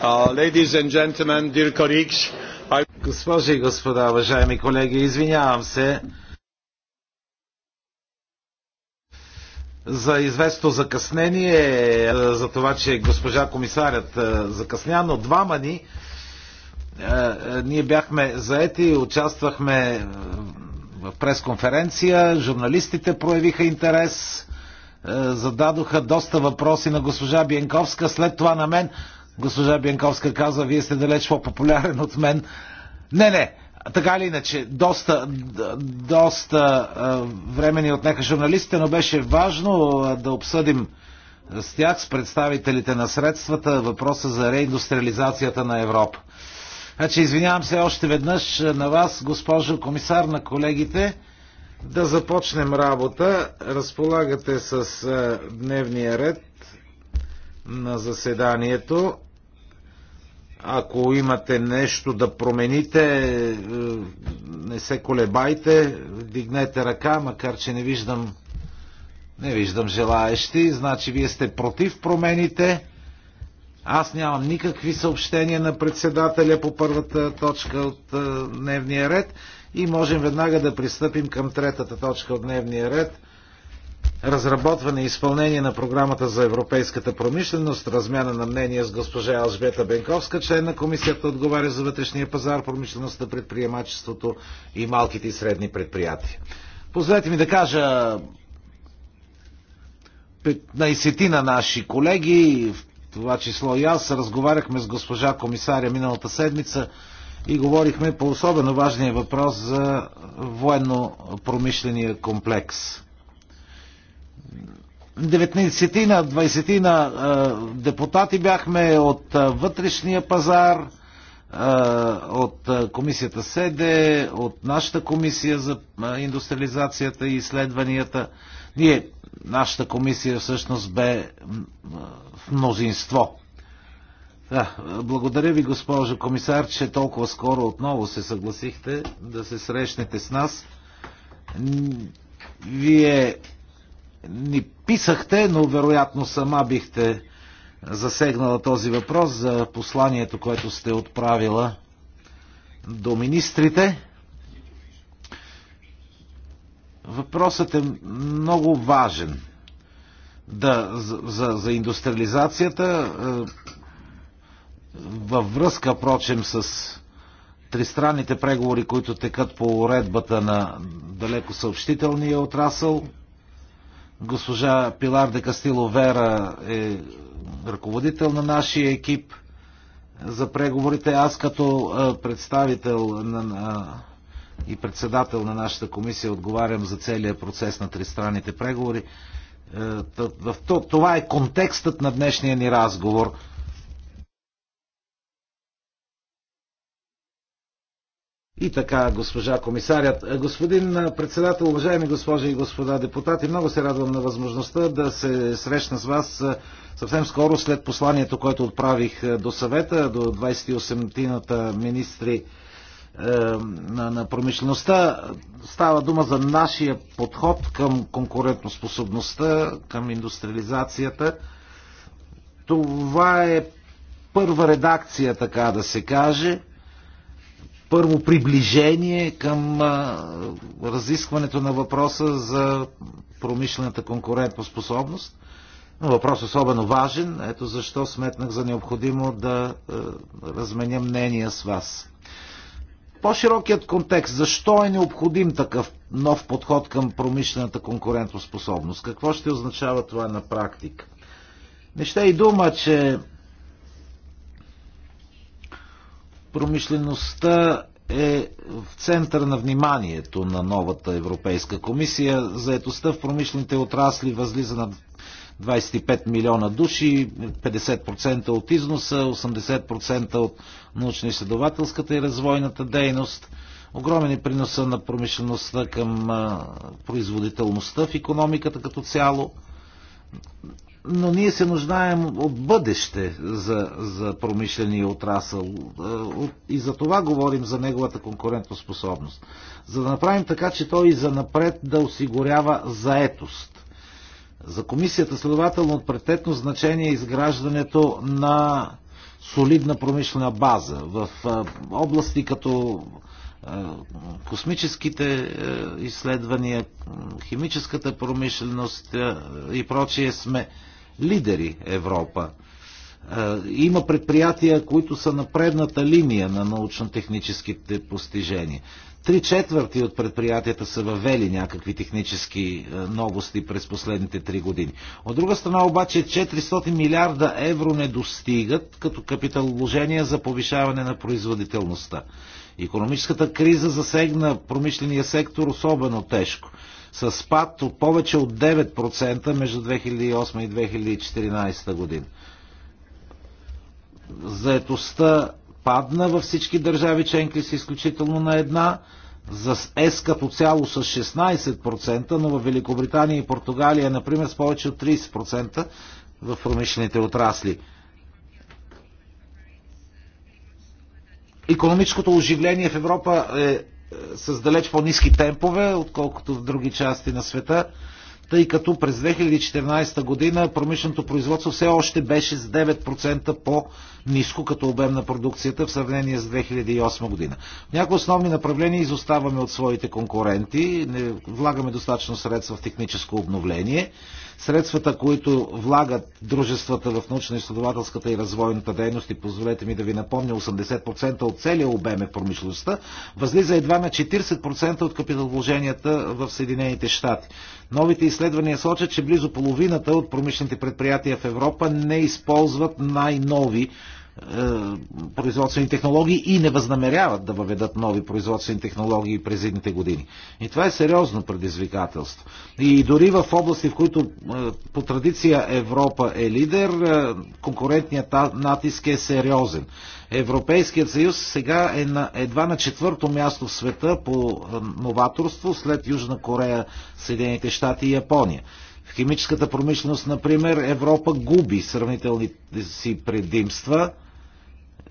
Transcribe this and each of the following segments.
Uh, Госпожи и господа, уважаеми колеги, извинявам се за известно закъснение, е, за това, че госпожа комисарят е, закъсня, но двама ни е, ние бяхме заети и участвахме в пресконференция, журналистите проявиха интерес, е, зададоха доста въпроси на госпожа Бенковска, след това на мен. Госпожа Бенковска каза, вие сте далеч по-популярен от мен. Не, не, така или иначе, доста, доста е, време ни отнеха журналистите, но беше важно е, да обсъдим с тях, с представителите на средствата, въпроса за реиндустриализацията на Европа. Значи, извинявам се още веднъж на вас, госпожо комисар, на колегите. Да започнем работа. Разполагате с е, дневния ред на заседанието. Ако имате нещо да промените, е, не се колебайте, дигнете ръка, макар че не виждам, не виждам желаещи. Значи вие сте против промените. Аз нямам никакви съобщения на председателя по първата точка от е, дневния ред и можем веднага да пристъпим към третата точка от дневния ред – разработване и изпълнение на програмата за европейската промишленост, размяна на мнение с госпожа Алжбета Бенковска, член на комисията отговаря за вътрешния пазар, промишлеността, предприемачеството и малките и средни предприятия. Позволете ми да кажа 15 на наши колеги, в това число и аз, разговаряхме с госпожа комисаря миналата седмица – и говорихме по особено важния въпрос за военно-промишления комплекс. 19-тина, 20-тина депутати бяхме от вътрешния пазар, от комисията СЕДЕ, от нашата комисия за индустриализацията и изследванията. Ние, нашата комисия всъщност бе в мнозинство да, благодаря ви, госпожо комисар, че толкова скоро отново се съгласихте да се срещнете с нас. Вие ни писахте, но вероятно сама бихте засегнала този въпрос за посланието, което сте отправила до министрите. Въпросът е много важен да, за, за, за индустриализацията във връзка, прочем, с тристранните преговори, които текат по уредбата на далеко съобщителния отрасъл. Госпожа Пилар де Кастило Вера е ръководител на нашия екип за преговорите. Аз като представител на, на, и председател на нашата комисия отговарям за целият процес на тристранните преговори. Е, това е контекстът на днешния ни разговор – И така, госпожа комисарят. Е, господин е, председател, уважаеми госпожи и господа депутати, много се радвам на възможността да се срещна с вас е, съвсем скоро след посланието, което отправих до съвета, до 28-тината министри на, на промишлеността. Става дума за нашия подход към конкурентоспособността, към индустриализацията. Това е първа редакция, така да се каже – първо приближение към разискването на въпроса за промишлената конкурентоспособност. Но въпрос особено важен, ето защо сметнах за необходимо да разменя мнения с вас. По-широкият контекст, защо е необходим такъв нов подход към промишлената конкурентоспособност? Какво ще означава това на практика? Не ще и дума, че промишлеността е в центъра на вниманието на новата Европейска комисия. Заетостта в промишлените отрасли възлиза на 25 милиона души, 50% от износа, 80% от научно-изследователската и развойната дейност. Огромен е приноса на промишлеността към производителността в економиката като цяло но ние се нуждаем от бъдеще за, за промишления отрасъл е, и за това говорим за неговата конкурентоспособност. За да направим така, че той и за напред да осигурява заетост. За комисията следователно от прететно значение е изграждането на солидна промишлена база в е, области като е, космическите изследвания, химическата промишленост и прочие сме лидери Европа. Има предприятия, които са на предната линия на научно-техническите постижения. Три четвърти от предприятията са въвели някакви технически е, новости през последните три години. От друга страна обаче 400 милиарда евро не достигат като капиталовложение за повишаване на производителността. Економическата криза засегна промишления сектор особено тежко с спад от повече от 9% между 2008 и 2014 година. Заетостта падна във всички държави членки с изключително на една, за ЕС е като цяло с 16%, но в Великобритания и Португалия, например, с повече от 30% в промишлените отрасли. Економическото оживление в Европа е с далеч по-низки темпове, отколкото в други части на света тъй като през 2014 година промишленото производство все още беше с 9% по ниско като обем на продукцията в сравнение с 2008 година. В някои основни направления изоставаме от своите конкуренти, не влагаме достатъчно средства в техническо обновление. Средствата, които влагат дружествата в научно-изследователската и развойната дейност, и позволете ми да ви напомня, 80% от целия обем е промишлеността, възлиза едва на 40% от капиталовложенията в Съединените щати. Новите изследвания сочат, че близо половината от промишлените предприятия в Европа не използват най-нови е, производствени технологии и не възнамеряват да въведат нови производствени технологии през едните години. И това е сериозно предизвикателство. И дори в области, в които е, по традиция Европа е лидер, е, конкурентният натиск е сериозен. Европейският съюз сега е на, едва на четвърто място в света по новаторство след Южна Корея, Съединените щати и Япония. В химическата промишленост, например, Европа губи сравнителните си предимства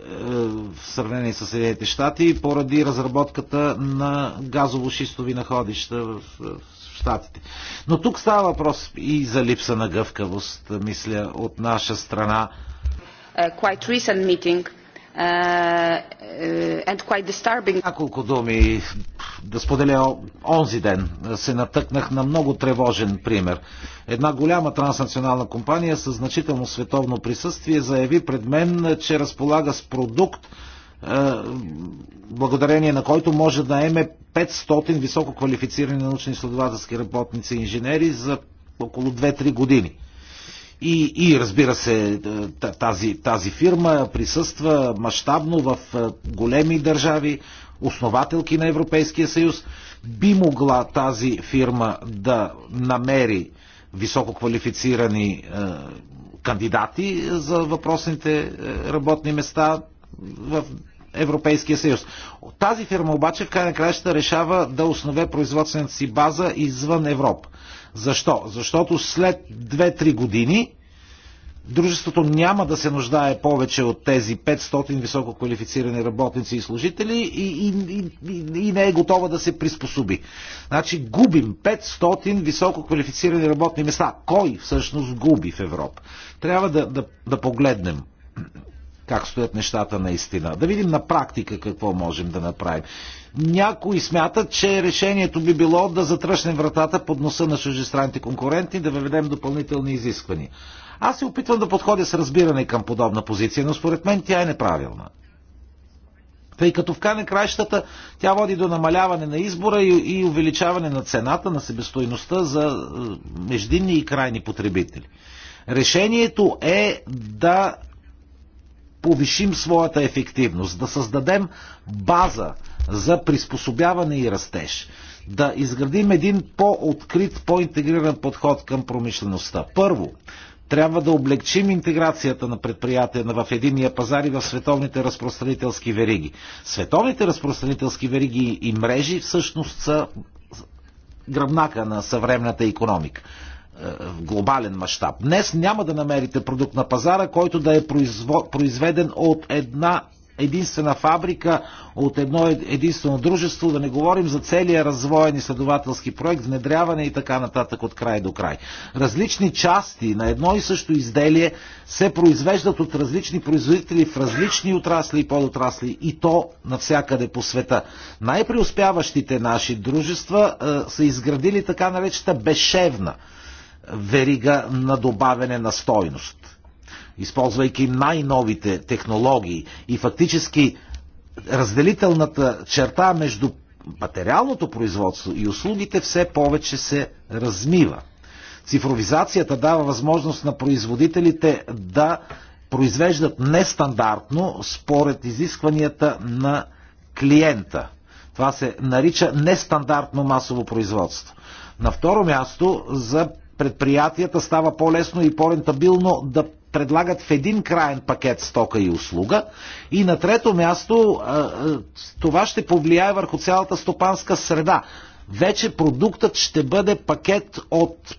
в сравнение с Съединените щати поради разработката на газово-шистови находища в, в Но тук става въпрос и за липса на гъвкавост, мисля, от наша страна. Uh, quite recent meeting е, е, Няколко думи да споделя онзи ден. Се натъкнах на много тревожен пример. Една голяма транснационална компания с значително световно присъствие заяви пред мен, че разполага с продукт, е, благодарение на който може да еме 500 високо квалифицирани научни изследователски работници и инженери за около 2-3 години. И, и разбира се, е, тази, тази фирма присъства мащабно в е, големи държави, основателки на Европейския съюз. Би могла тази фирма да намери високо квалифицирани е, кандидати за въпросните е, работни места в Европейския съюз. Тази фирма обаче в край на краища решава да основе производствената си база извън Европа. Защо? Защото след 2-3 години дружеството няма да се нуждае повече от тези 500 високо квалифицирани работници и служители и, и, и, и не е готова да се приспособи. Значи губим 500 високо квалифицирани работни места. Кой всъщност губи в Европа? Трябва да, да, да погледнем как стоят нещата наистина. Да видим на практика какво можем да направим. Някои смятат, че решението би било да затръщнем вратата под носа на чужестранните конкуренти, да въведем допълнителни изисквания. Аз се опитвам да подходя с разбиране към подобна позиция, но според мен тя е неправилна. Тъй като в край краищата тя води до намаляване на избора и, и увеличаване на цената, на себестойността за е, междинни и крайни потребители. Решението е да повишим своята ефективност, да създадем база за приспособяване и растеж, да изградим един по-открит, по-интегриран подход към промишлеността. Първо, трябва да облегчим интеграцията на предприятия в единия пазар и в световните разпространителски вериги. Световните разпространителски вериги и мрежи всъщност са гръбнака на съвременната економика. Е, в глобален мащаб. Днес няма да намерите продукт на пазара, който да е произведен от една единствена фабрика, от едно е, единствено дружество, да не говорим за целия развоен изследователски проект, внедряване и така нататък от край до край. Различни части на едно и също изделие се произвеждат от различни производители в различни отрасли и подотрасли и то навсякъде по света. Най-преуспяващите наши дружества е, са изградили така наречета бешевна верига на добавяне на стойност. Използвайки най-новите технологии и фактически разделителната черта между материалното производство и услугите все повече се размива. Цифровизацията дава възможност на производителите да произвеждат нестандартно според изискванията на клиента. Това се нарича нестандартно масово производство. На второ място за предприятията става по-лесно и по-рентабилно да предлагат в един краен пакет стока и услуга. И на трето място, това ще повлияе върху цялата стопанска среда. Вече продуктът ще бъде пакет от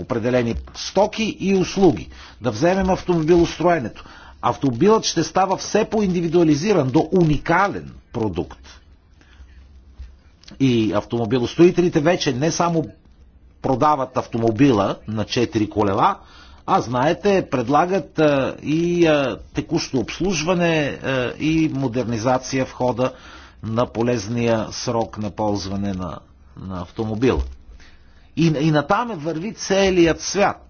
определени стоки и услуги. Да вземем автомобилостроенето. Автомобилът ще става все по-индивидуализиран, до уникален продукт. И автомобилостроителите вече не само продават автомобила на 4 колела, а знаете, предлагат а, и а, текущо обслужване а, и модернизация в хода на полезния срок на ползване на, на автомобил. И, и натам е върви целият свят.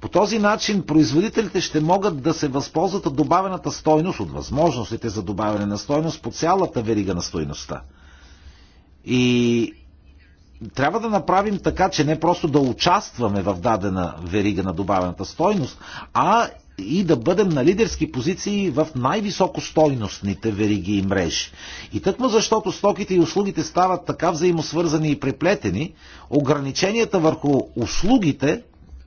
По този начин производителите ще могат да се възползват от добавената стойност, от възможностите за добавяне на стойност по цялата верига на стойността. И трябва да направим така, че не просто да участваме в дадена верига на добавената стойност, а и да бъдем на лидерски позиции в най-високо стойностните вериги и мрежи. И тъкмо защото стоките и услугите стават така взаимосвързани и преплетени, ограниченията върху услугите,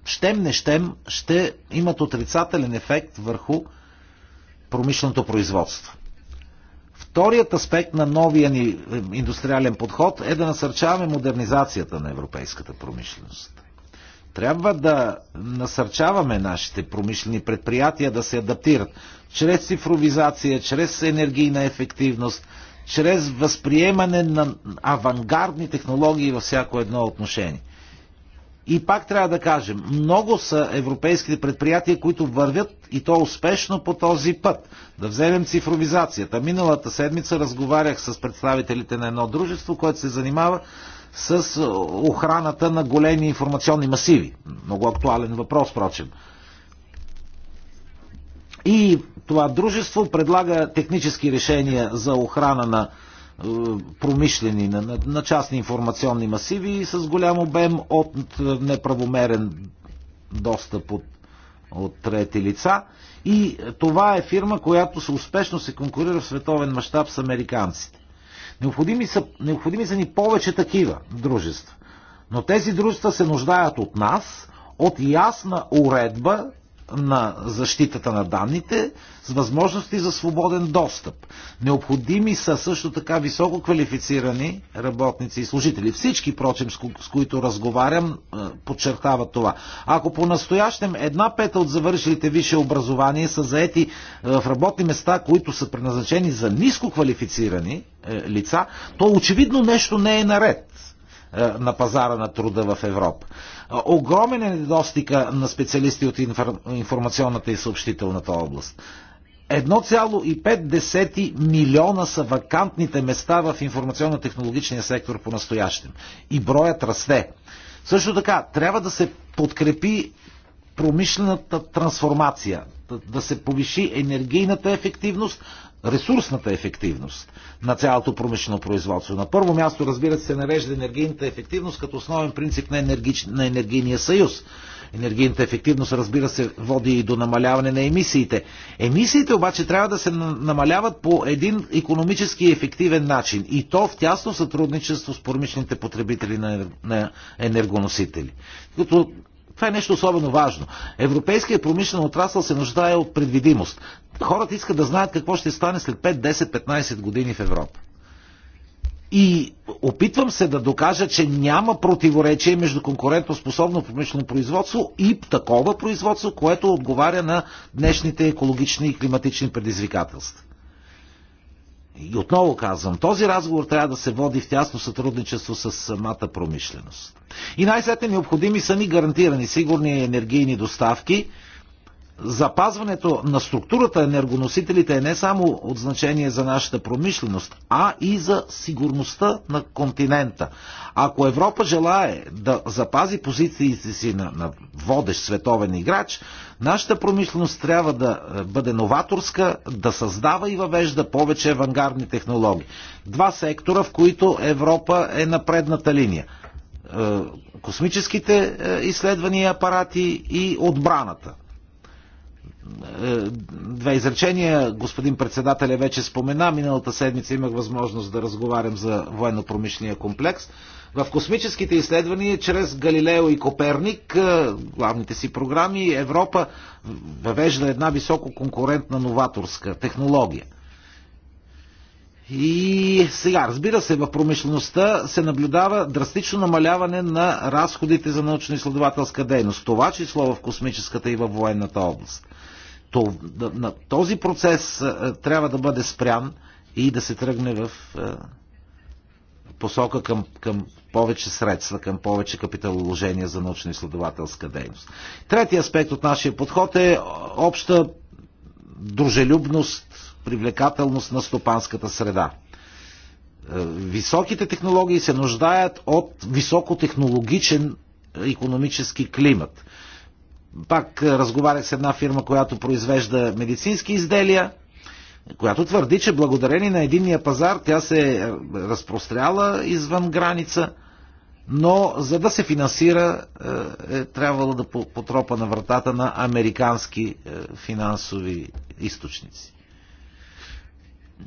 щем не щем, ще имат отрицателен ефект върху промишленото производство. Вторият аспект на новия ни е, индустриален подход е да насърчаваме модернизацията на европейската промишленост. Трябва да насърчаваме нашите промишлени предприятия да се адаптират чрез цифровизация, чрез енергийна ефективност, чрез възприемане на авангардни технологии във всяко едно отношение – и пак трябва да кажем, много са европейските предприятия, които вървят и то успешно по този път. Да вземем цифровизацията. Миналата седмица разговарях с представителите на едно дружество, което се занимава с е, охраната на големи информационни масиви. Много актуален въпрос, впрочем. И това дружество предлага технически решения за охрана на е, промишлени, на, на частни информационни масиви и с голям обем от е, неправомерен достъп от, от трети лица. И това е фирма, която се успешно се конкурира в световен мащаб с американците. Необходими са, необходими са ни повече такива дружества. Но тези дружества се нуждаят от нас, от ясна уредба на защитата на данните с възможности за свободен достъп. Необходими са също така високо квалифицирани работници и служители. Всички, прочим, с които разговарям, е, подчертават това. Ако по-настоящем една пета от завършилите висше образование са заети е, в работни места, които са предназначени за ниско квалифицирани е, лица, то очевидно нещо не е наред. Е, на пазара на труда в Европа. Огромен е недостига на специалисти от информационната и съобщителната област. 1,5 милиона са вакантните места в информационно-технологичния сектор по-настоящем. И броят расте. Също така, трябва да се подкрепи промишлената трансформация, да се повиши енергийната ефективност, ресурсната ефективност на цялото промишлено производство. На първо място, разбира се, нарежда енергийната ефективност като основен принцип на, енергич... на енергийния съюз. Енергийната ефективност, разбира се, води и до намаляване на емисиите. Емисиите обаче трябва да се намаляват по един економически ефективен начин и то в тясно сътрудничество с промишлените потребители на, на енергоносители. Като това е нещо особено важно. Европейският промишлен отрасъл се нуждае от предвидимост. Хората искат да знаят какво ще стане след 5, 10, 15 години в Европа. И опитвам се да докажа, че няма противоречие между конкурентоспособно промишлено производство и такова производство, което отговаря на днешните екологични и климатични предизвикателства. И отново казвам, този разговор трябва да се води в тясно сътрудничество с самата промишленост. И най-сетне необходими са ни гарантирани сигурни енергийни доставки, запазването на структурата енергоносителите е не само от значение за нашата промишленост, а и за сигурността на континента. Ако Европа желае да запази позициите си на, на водещ световен играч, нашата промишленост трябва да е, бъде новаторска, да създава и въвежда повече авангардни технологии. Два сектора, в които Европа е на предната линия е, космическите е, изследвания апарати и отбраната. Е, две изречения. Господин председателя вече спомена. Миналата седмица имах възможност да разговарям за военно-промишления комплекс. В космическите изследвания, чрез Галилео и Коперник, е, главните си програми, Европа въвежда една високо конкурентна новаторска технология. И сега, разбира се, в промишлеността се наблюдава драстично намаляване на разходите за научно-изследователска дейност. Това число в космическата и във военната област на този процес е, е, трябва да бъде спрян и да се тръгне в е, посока към, към повече средства, към повече капиталоложения за научно-изследователска дейност. Третия аспект от нашия подход е обща дружелюбност, привлекателност на стопанската среда. Високите технологии се нуждаят от високотехнологичен економически климат. Пак е, разговарях с една фирма, която произвежда медицински изделия, която твърди, че благодарение на единния пазар тя се е разпростряла извън граница, но за да се финансира е, е трябвало да потропа на вратата на американски е, финансови източници.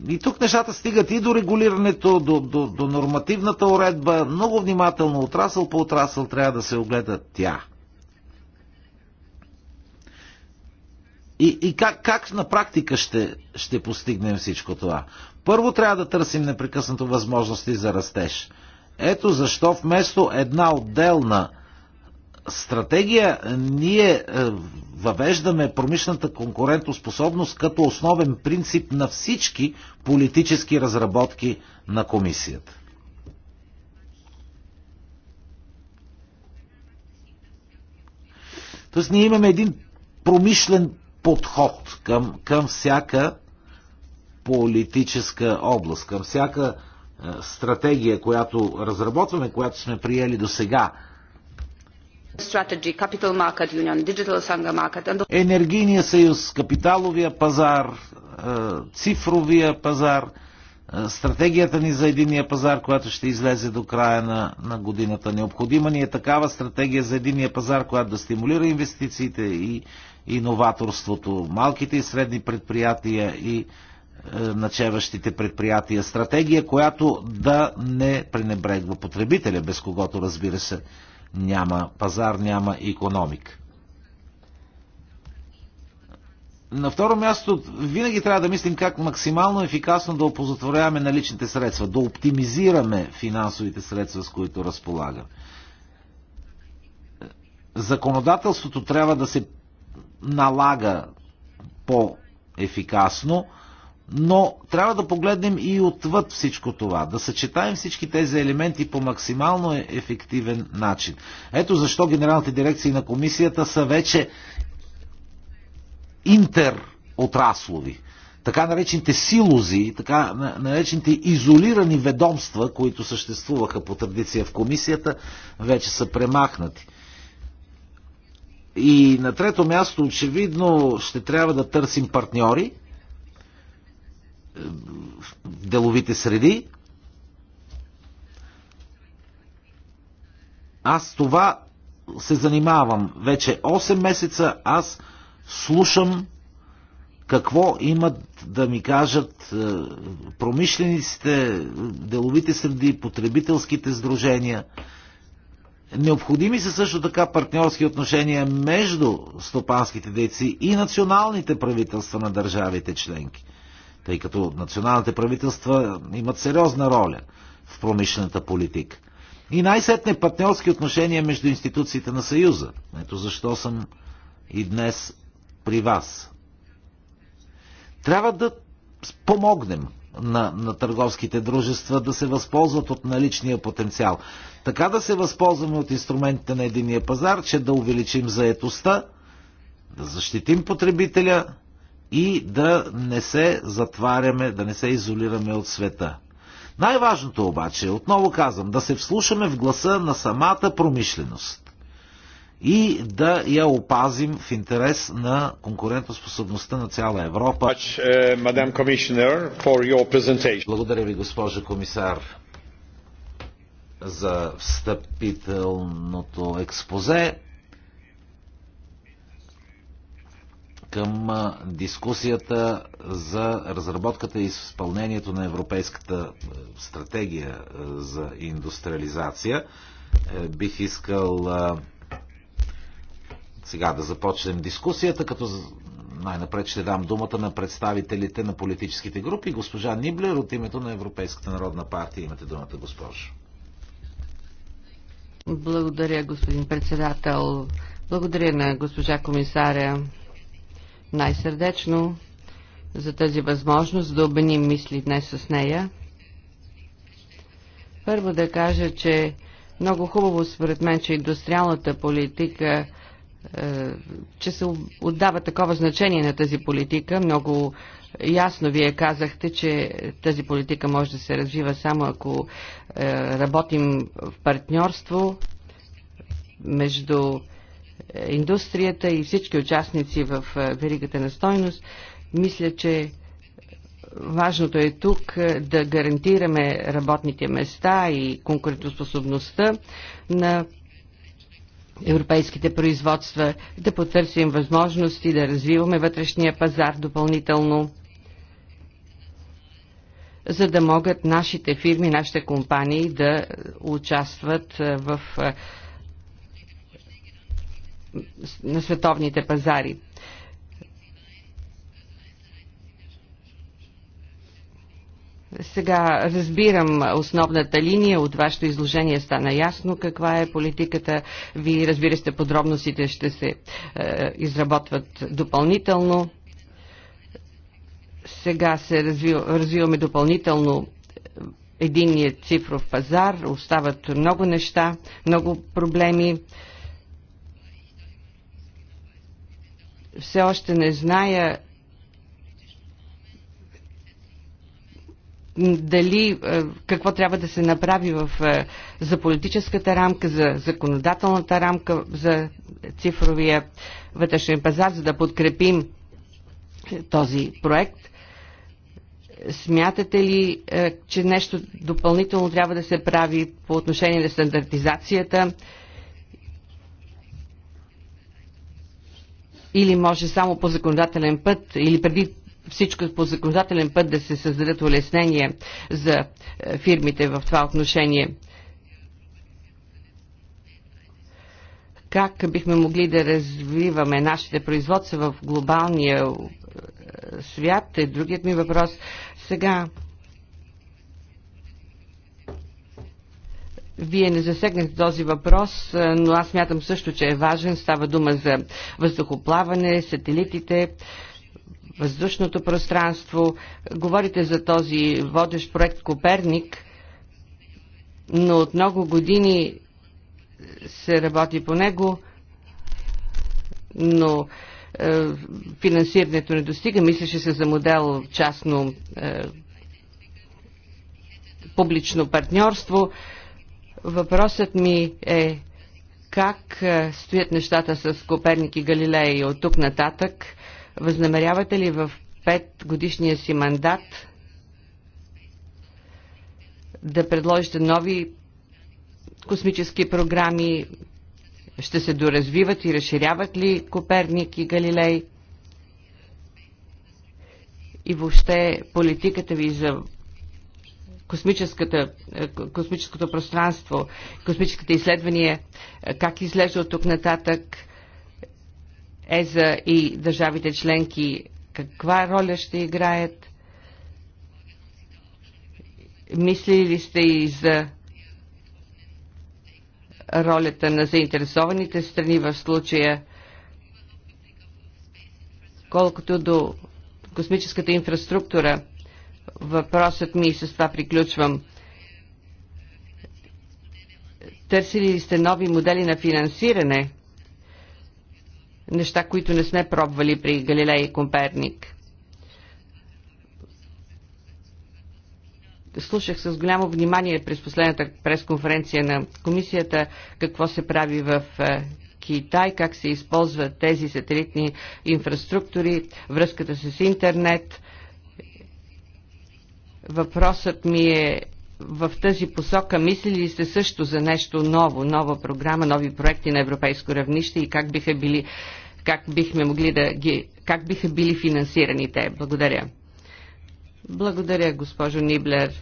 И тук нещата стигат и до регулирането, до, до, до нормативната уредба. Много внимателно, отрасъл по отрасъл, трябва да се огледа тя. И, и как, как на практика ще, ще постигнем всичко това? Първо трябва да търсим непрекъснато възможности за растеж. Ето защо вместо една отделна стратегия ние е, въвеждаме промишлената конкурентоспособност като основен принцип на всички политически разработки на комисията. Тоест ние имаме един промишлен подход към, към всяка политическа област, към всяка е, стратегия, която разработваме, която сме приели до сега. Енергийния съюз, капиталовия пазар, е, цифровия пазар, е, стратегията ни за единия пазар, която ще излезе до края на, на годината. Необходима ни е такава стратегия за единия пазар, която да стимулира инвестициите и и новаторството, малките и средни предприятия и е, начеващите предприятия. Стратегия, която да не пренебрегва потребителя, без когото, разбира се, няма пазар, няма економик. На второ място, винаги трябва да мислим как максимално ефикасно да опозотворяваме наличните средства, да оптимизираме финансовите средства, с които разполагаме. Законодателството трябва да се налага по-ефикасно, но трябва да погледнем и отвъд всичко това, да съчетаем всички тези елементи по максимално е- ефективен начин. Ето защо генералните дирекции на комисията са вече интеротраслови. Така наречените силози, така наречените изолирани ведомства, които съществуваха по традиция в комисията, вече са премахнати. И на трето място, очевидно, ще трябва да търсим партньори в деловите среди. Аз това се занимавам. Вече 8 месеца аз слушам какво имат да ми кажат е, промишлениците, деловите среди, потребителските сдружения – Необходими са също така партньорски отношения между стопанските дейци и националните правителства на държавите членки, тъй като националните правителства имат сериозна роля в промишлената политика. И най-сетне партньорски отношения между институциите на Съюза. Ето защо съм и днес при вас. Трябва да помогнем на, на търговските дружества да се възползват от наличния потенциал така да се възползваме от инструментите на единия пазар, че да увеличим заетостта, да защитим потребителя и да не се затваряме, да не се изолираме от света. Най-важното обаче, отново казвам, да се вслушаме в гласа на самата промишленост и да я опазим в интерес на конкурентоспособността на цяла Европа. Uh, Благодаря ви, госпожа комисар за встъпителното експозе към дискусията за разработката и изпълнението на Европейската стратегия за индустриализация. Е, бих искал сега да започнем дискусията, като най-напред ще дам думата на представителите на политическите групи. Госпожа Ниблер от името на Европейската народна партия. Имате думата, госпожо. Благодаря, господин председател. Благодаря на госпожа комисаря най-сърдечно за тази възможност да обеним мисли днес с нея. Първо да кажа, че много хубаво според мен, че индустриалната политика е, че се отдава такова значение на тази политика. Много ясно вие казахте, че тази политика може да се развива само ако е, работим в партньорство между индустрията и всички участници в е, веригата на стойност. Мисля, че важното е тук е, да гарантираме работните места и конкурентоспособността на европейските производства, да потърсим възможности да развиваме вътрешния пазар допълнително за да могат нашите фирми, нашите компании да участват е, в е, на световните пазари. Сега разбирам основната линия от вашето изложение, стана ясно каква е политиката. Вие разбира се, подробностите ще се е, изработват допълнително. Сега се развив, развиваме допълнително единният цифров пазар. Остават много неща, много проблеми. Все още не зная дали е, какво трябва да се направи в, е, за политическата рамка, за законодателната рамка, за цифровия вътрешен пазар, за да подкрепим този проект. Смятате ли, е, че нещо допълнително трябва да се прави по отношение на стандартизацията? Или може само по законодателен път, или преди всичко по законодателен път да се създадат улеснения за е, фирмите в това отношение? Как бихме могли да развиваме нашите производства в глобалния е, свят е другият ми въпрос. Сега Вие не засегнахте този въпрос, но аз мятам също, че е важен. Става дума за въздухоплаване, сателитите, въздушното пространство. Говорите за този водещ проект Коперник, но от много години се работи по него, но е, финансирането не достига. Мислеше се за модел частно е, публично партньорство. Въпросът ми е как е, стоят нещата с Коперник и и от тук нататък? Възнамерявате ли в пет годишния си мандат да предложите нови космически програми, ще се доразвиват и разширяват ли Коперник и Галилей? И въобще политиката ви за е, космическото пространство, космическите изследвания, е, как изглежда от тук нататък ЕЗА и държавите членки, каква роля ще играят? Мислили ли сте и за ролята на заинтересованите страни в случая, колкото до космическата инфраструктура. Въпросът ми и с това приключвам. Търсили ли сте нови модели на финансиране? Неща, които не сме пробвали при Галилей и Комперник. слушах с голямо внимание през последната пресконференция на комисията какво се прави в е, Китай, как се използват тези сателитни инфраструктури, връзката с интернет. Въпросът ми е в тази посока мислили ли сте също за нещо ново, нова програма, нови проекти на европейско равнище и как биха били как бихме могли да ги, как биха били финансирани те? Благодаря. Благодаря, госпожо Ниблер.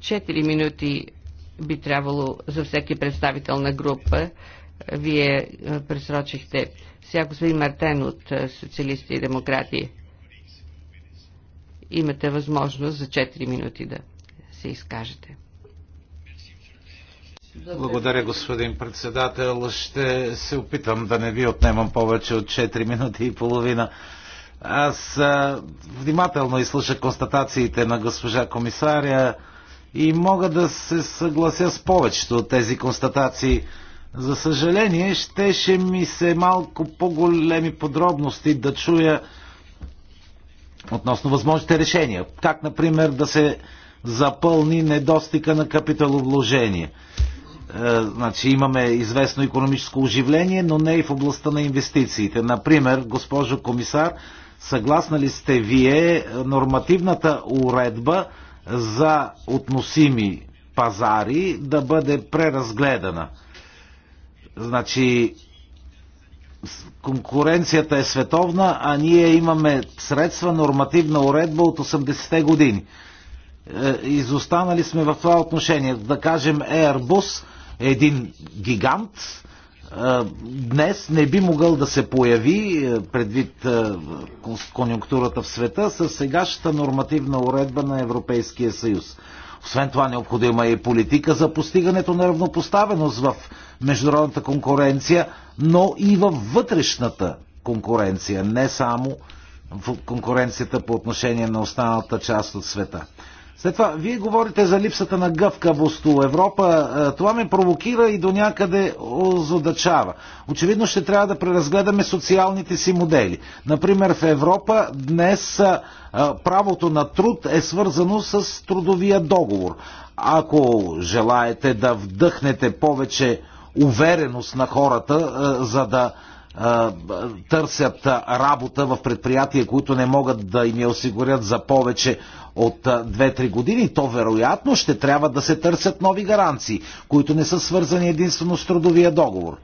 Четири минути би трябвало за всеки представител на група. Вие е, пресрочихте. Сега господин Мартен от е, Социалисти и Демократи. Имате възможност за 4 минути да се изкажете. Благодаря, господин председател. Ще се опитам да не ви отнемам повече от 4 минути и половина. Аз а, внимателно изслушах констатациите на госпожа комисаря и мога да се съглася с повечето от тези констатации. За съжаление, щеше ми се малко по-големи подробности да чуя относно възможните решения. Как, например, да се запълни недостига на капиталовложение. Е, значи имаме известно економическо оживление, но не и в областта на инвестициите. Например, госпожо комисар, Съгласна ли сте вие нормативната уредба за относими пазари да бъде преразгледана? Значи, конкуренцията е световна, а ние имаме средства, нормативна уредба от 80-те години. Е, изостанали сме в това отношение. Да кажем, Airbus е един гигант, днес не би могъл да се появи е, предвид е, конъюнктурата в света с сегашната нормативна уредба на Европейския съюз. Освен това необходима е и политика за постигането на равнопоставеност в международната конкуренция, но и във вътрешната конкуренция, не само в конкуренцията по отношение на останалата част от света. След това, вие говорите за липсата на гъвкавост у Европа. Е, това ме провокира и до някъде озадачава. Очевидно ще трябва да преразгледаме социалните си модели. Например, в Европа днес е, е, правото на труд е свързано с трудовия договор. Ако желаете да вдъхнете повече увереност на хората, за да търсят работа в предприятия, които не могат да им я осигурят за повече от 2-3 години, то вероятно ще трябва да се търсят нови гаранции, които не са свързани единствено с трудовия договор.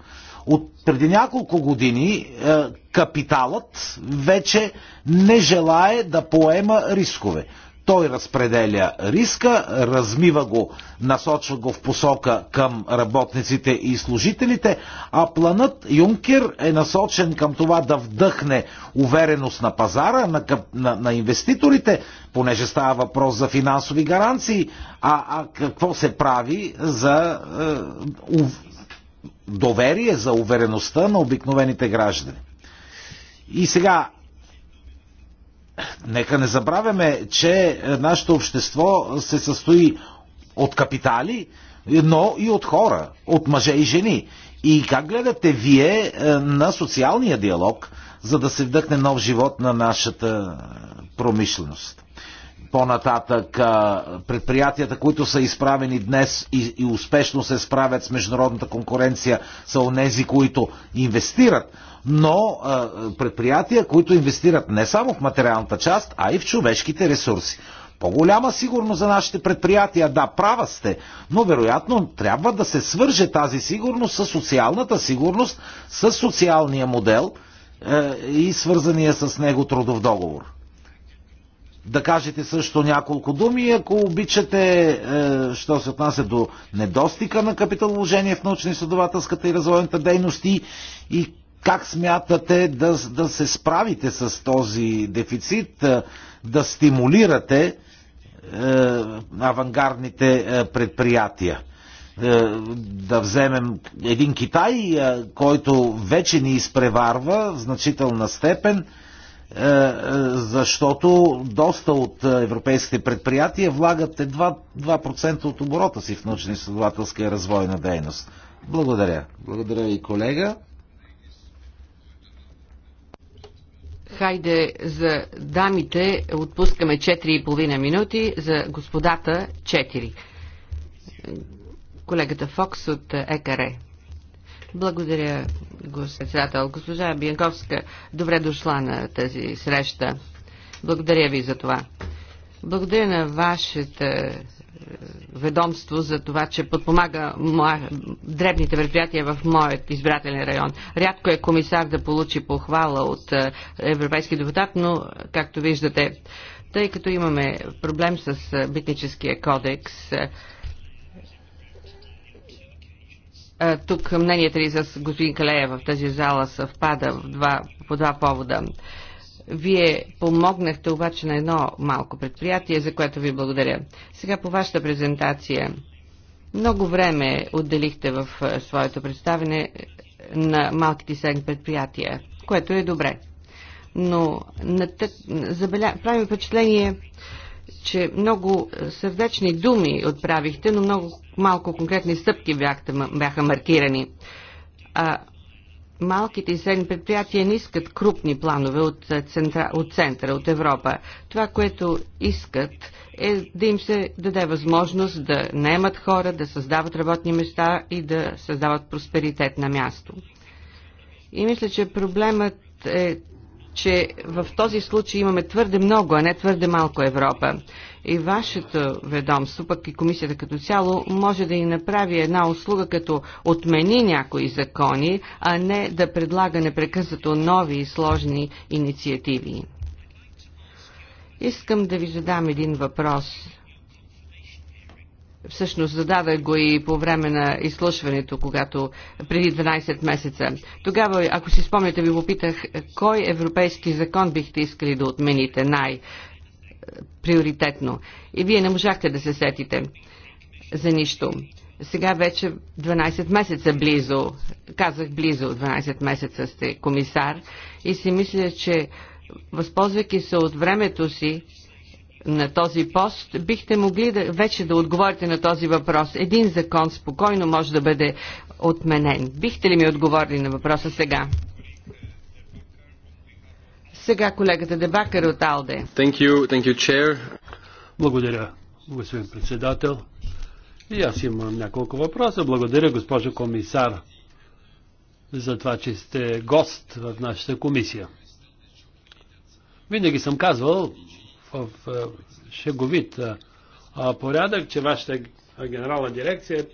От преди няколко години е, капиталът вече не желае да поема рискове. Той разпределя риска, размива го, насочва го в посока към работниците и служителите, а планът Юнкер е насочен към това да вдъхне увереност на пазара, на, на, на инвеститорите, понеже става въпрос за финансови гаранции, а, а какво се прави за е, ув... доверие, за увереността на обикновените граждани. И сега Нека не забравяме, че нашето общество се състои от капитали, но и от хора, от мъже и жени. И как гледате вие е, на социалния диалог, за да се вдъхне нов живот на нашата промишленост? По-нататък е, предприятията, които са изправени днес и, и успешно се справят с международната конкуренция, са онези, които инвестират но предприятия, които инвестират не само в материалната част, а и в човешките ресурси. По-голяма сигурност за нашите предприятия, да, права сте, но вероятно трябва да се свърже тази сигурност с социалната сигурност, с социалния модел е, и свързания с него трудов договор да кажете също няколко думи, ако обичате, е, що се отнася до недостига на капиталовложение в научно-изследователската и развойната дейност и, и как смятате да, да се справите с този дефицит, е, да стимулирате е, авангардните е, предприятия? Е, да вземем един Китай, е, който вече ни изпреварва в значителна степен, е, защото доста от европейските предприятия влагат едва 2% от оборота си в научно-изследователска и развойна дейност. Благодаря. Благодаря ви, колега. Хайде за дамите отпускаме 4,5 минути, за господата 4. Колегата Фокс от ЕКР. Благодаря, председател. Госпожа Бианковска, добре дошла на тази среща. Благодаря ви за това. Благодаря на вашата ведомство за това, че подпомага моя, дребните предприятия в моят избирателен район. Рядко е комисар да получи похвала от е, европейски депутат, но, както виждате, тъй като имаме проблем с битническия е, кодекс, е, тук мненията ли с господин Калея в тази зала съвпада в два, по два повода. Вие помогнахте обаче на едно малко предприятие, за което ви благодаря. Сега по вашата презентация. Много време отделихте в е, своето представене е, на малките и предприятия, което е добре. Но натък, забеля, правим впечатление, че много сърдечни думи отправихте, но много малко конкретни стъпки бяхте, бяха маркирани. А малките и средни предприятия не искат крупни планове от, центра, от центъра, от Европа. Това, което искат е да им се даде възможност да наемат хора, да създават работни места и да създават просперитет на място. И мисля, че проблемът е, че в този случай имаме твърде много, а не твърде малко Европа и вашето ведомство, пък и комисията като цяло, може да и направи една услуга, като отмени някои закони, а не да предлага непрекъснато нови и сложни инициативи. Искам да ви задам един въпрос. Всъщност зададах го и по време на изслушването, когато преди 12 месеца. Тогава, ако си спомняте, ви попитах, кой европейски закон бихте искали да отмените най- приоритетно. И вие не можахте да се сетите за нищо. Сега вече 12 месеца близо, казах близо 12 месеца сте комисар и си мисля, че възползвайки се от времето си, на този пост, бихте могли да, вече да отговорите на този въпрос. Един закон спокойно може да бъде отменен. Бихте ли ми отговорили на въпроса сега? Сега колегата Дебакър от Алде. Thank you, thank you, chair. Благодаря, господин председател. И аз имам няколко въпроса. Благодаря, госпожо комисар, за това, че сте гост в нашата комисия. Винаги съм казвал в шеговит порядък, че вашата генерална дирекция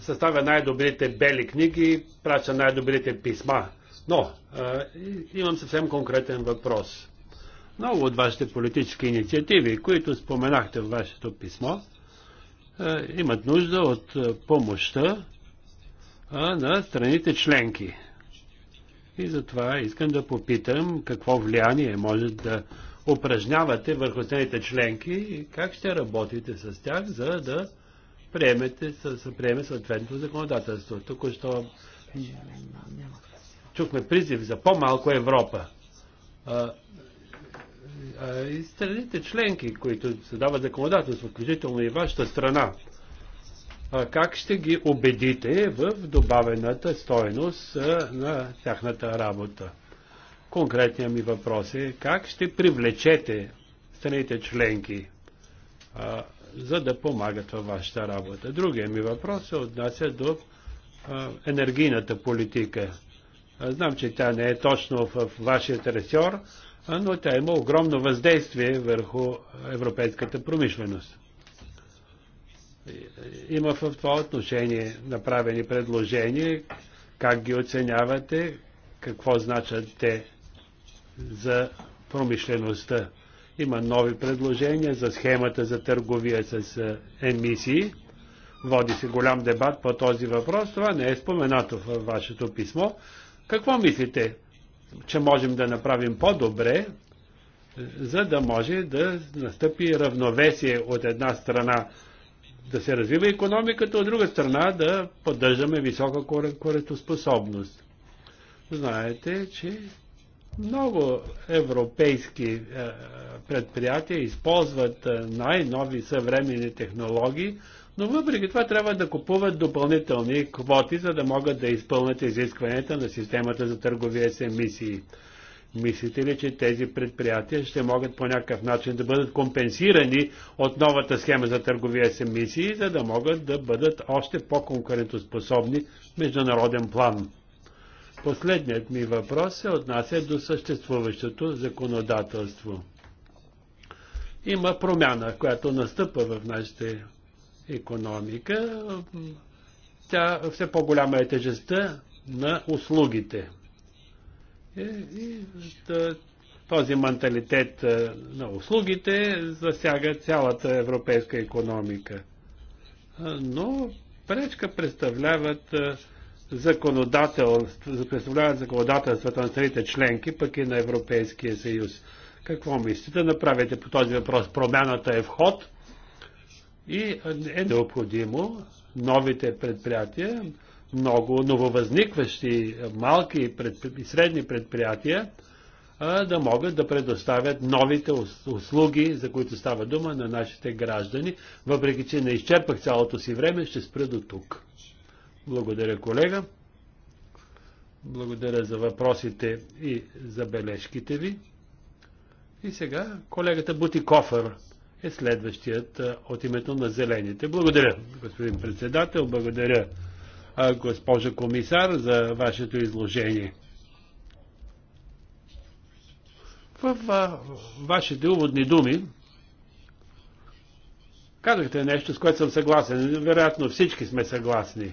съставя най-добрите бели книги, праща най-добрите писма но а, имам съвсем конкретен въпрос. Много от вашите политически инициативи, които споменахте в вашето писмо, а, имат нужда от помощта а, на страните членки. И затова искам да попитам какво влияние може да упражнявате върху страните членки и как ще работите с тях, за да приемете, да приеме съответното законодателство. Току-що чухме призив за по-малко Европа. А, а, и страните членки, които се дават законодателство, включително и вашата страна, а, как ще ги убедите в добавената стоеност на тяхната работа? Конкретният ми въпрос е как ще привлечете страните членки, за да помагат във вашата работа? Другия ми въпрос се отнася до енергийната политика. Знам, че тя не е точно в вашия ресор, но тя има огромно въздействие върху европейската промишленост. Има в това отношение направени предложения, как ги оценявате, какво значат те за промишлеността. Има нови предложения за схемата за търговия с емисии. Води се голям дебат по този въпрос. Това не е споменато във вашето писмо, какво мислите, че можем да направим по-добре, за да може да настъпи равновесие от една страна да се развива економиката, от друга страна да поддържаме висока коретоспособност? Знаете, че много европейски е, предприятия използват е, най-нови съвременни технологии, но въпреки това трябва да купуват допълнителни квоти, за да могат да изпълнят изискванията на системата за търговия с емисии. Мислите ли, че тези предприятия ще могат по някакъв начин да бъдат компенсирани от новата схема за търговия с емисии, за да могат да бъдат още по-конкурентоспособни в международен план? Последният ми въпрос се отнася до съществуващото законодателство. Има промяна, която настъпва в нашите економика, тя все по-голяма е тежестта на услугите. Е, и, и този менталитет е, на услугите засяга цялата европейска економика. Е, но пречка представляват законодателства, представляват законодателствата на страните членки, пък и на Европейския съюз. Какво мислите? Направите по този въпрос. Промяната е вход. ход и е необходимо новите предприятия, много нововъзникващи малки и средни предприятия, да могат да предоставят новите услуги, за които става дума на нашите граждани. Въпреки, че не изчерпах цялото си време, ще спра до тук. Благодаря, колега. Благодаря за въпросите и забележките ви. И сега колегата Бутикофър е следващият от името на зелените. Благодаря, господин председател, благодаря, госпожа комисар, за вашето изложение. В вашите уводни думи казахте нещо, с което съм съгласен. Вероятно всички сме съгласни.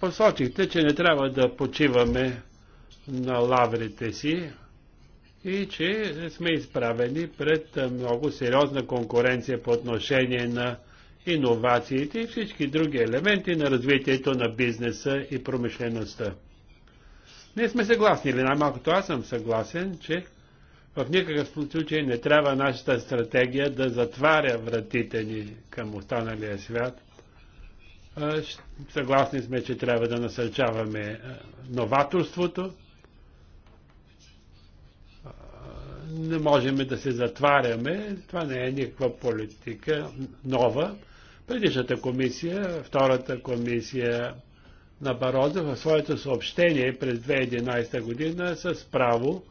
Посочихте, че не трябва да почиваме на лаврите си, и че сме изправени пред много сериозна конкуренция по отношение на иновациите и всички други елементи на развитието на бизнеса и промишлеността. Ние сме съгласни, или най-малкото аз съм съгласен, че в никакъв случай не трябва нашата стратегия да затваря вратите ни към останалия свят. Съгласни сме, че трябва да насърчаваме новаторството, не можем да се затваряме. Това не е никаква политика нова. Предишната комисия, втората комисия на Бароза в своето съобщение през 2011 година с право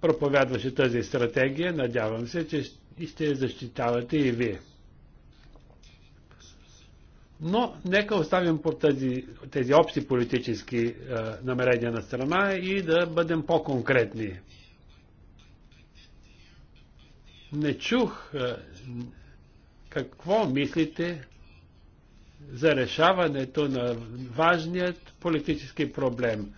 проповядваше тази стратегия. Надявам се, че ще я защитавате и вие. Но нека оставим по тези, тези общи политически е, намерения на страна и да бъдем по-конкретни не чух е, какво мислите за решаването на важният политически проблем.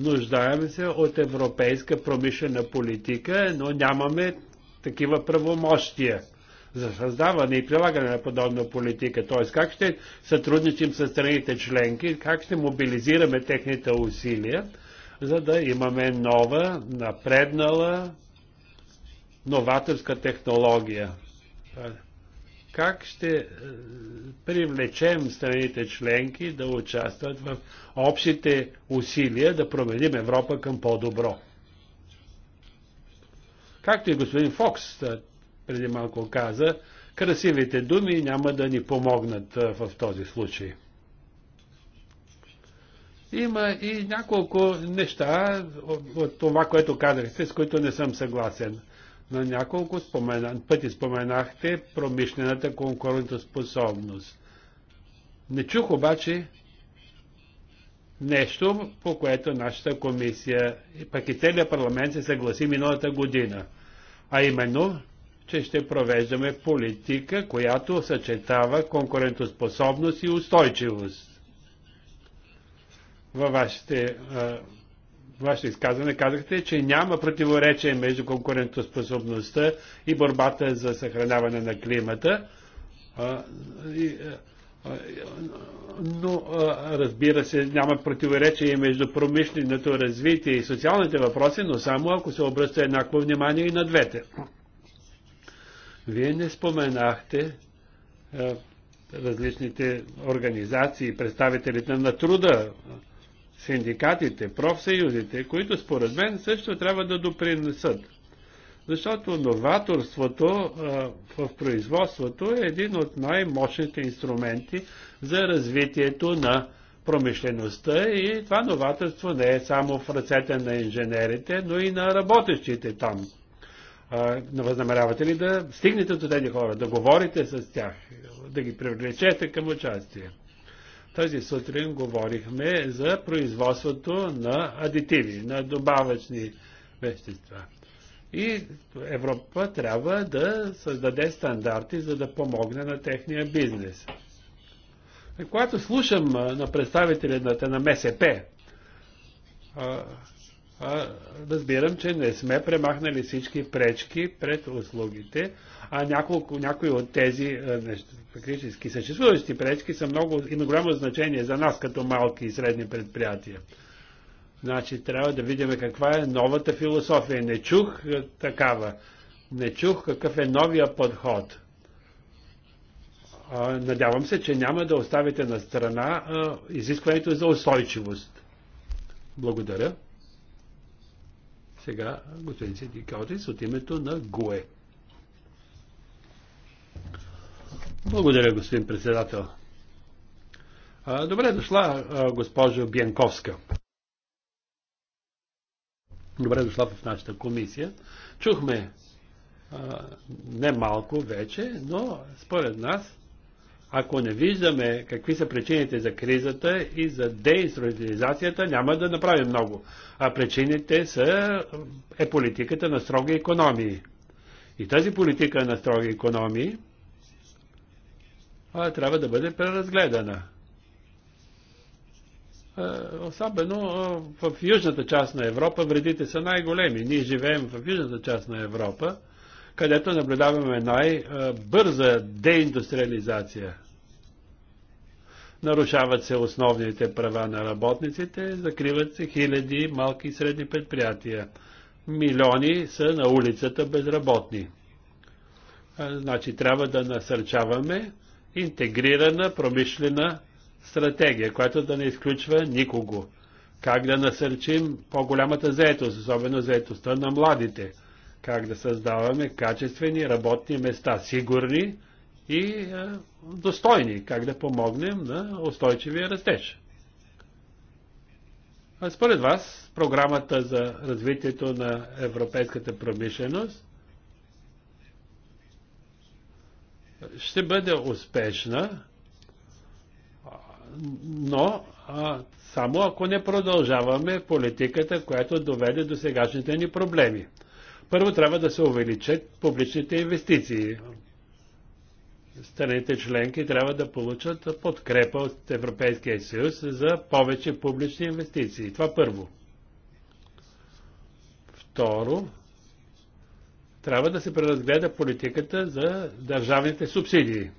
Нуждаем се от европейска промишлена политика, но нямаме такива правомощия за създаване и прилагане на подобна политика. Т.е. как ще сътрудничим с страните членки, как ще мобилизираме техните усилия, за да имаме нова, напреднала новаторска технология. Как ще е, привлечем страните членки да участват в общите усилия да променим Европа към по-добро? Както и господин Фокс е, преди малко каза, красивите думи няма да ни помогнат е, в този случай. Има и няколко неща от това, което казахте, с които не съм съгласен. На няколко спомена, пъти споменахте промишлената конкурентоспособност. Не чух обаче нещо, по което нашата комисия, и пък и целият парламент се съгласи миналата година. А именно, че ще провеждаме политика, която съчетава конкурентоспособност и устойчивост. Във вашите а, вашето изказване казахте, че няма противоречие между конкурентоспособността и борбата за съхраняване на климата. но, разбира се, няма противоречие между промишленото развитие и социалните въпроси, но само ако се обръща еднакво внимание и на двете. Вие не споменахте различните организации, представителите на труда, синдикатите, профсъюзите, които според мен също трябва да допринесат. Защото новаторството в производството е един от най-мощните инструменти за развитието на промишлеността и това новаторство не е само в ръцете на инженерите, но и на работещите там. А, възнамерявате ли да стигнете до тези хора, да говорите с тях, да ги привлечете към участие? Тази сутрин говорихме за производството на адитиви, на добавъчни вещества. И Европа трябва да създаде стандарти, за да помогне на техния бизнес. И когато слушам на представителите на МСП, разбирам, че не сме премахнали всички пречки пред услугите, а няколко, някои от тези фактически съществуващи пречки са много, има голямо значение за нас като малки и средни предприятия. Значи трябва да видим каква е новата философия. Не чух такава. Не чух какъв е новия подход. А, надявам се, че няма да оставите на страна а, изискването за устойчивост. Благодаря. Сега господин Сидикаутис от името на ГОЕ. Благодаря, господин председател. Добре дошла, госпожо Бянковска. Добре дошла в нашата комисия. Чухме не малко вече, но според нас ако не виждаме какви са причините за кризата и за деинституционализацията, няма да направим много. А причините са, е политиката на строги економии. И тази политика на строги економии а, трябва да бъде преразгледана. А, особено а, в южната част на Европа вредите са най-големи. Ние живеем в южната част на Европа където наблюдаваме най-бърза деиндустриализация. Нарушават се основните права на работниците, закриват се хиляди малки и средни предприятия. Милиони са на улицата безработни. Значи трябва да насърчаваме интегрирана промишлена стратегия, която да не изключва никого. Как да насърчим по-голямата заетост, особено заетостта на младите – как да създаваме качествени работни места, сигурни и е, достойни, как да помогнем на устойчивия растеж. А според вас, програмата за развитието на европейската промишленост ще бъде успешна, но само ако не продължаваме политиката, която доведе до сегашните ни проблеми. Първо трябва да се увеличат публичните инвестиции. Страните членки трябва да получат подкрепа от Европейския съюз за повече публични инвестиции. Това първо. Второ, трябва да се преразгледа политиката за държавните субсидии.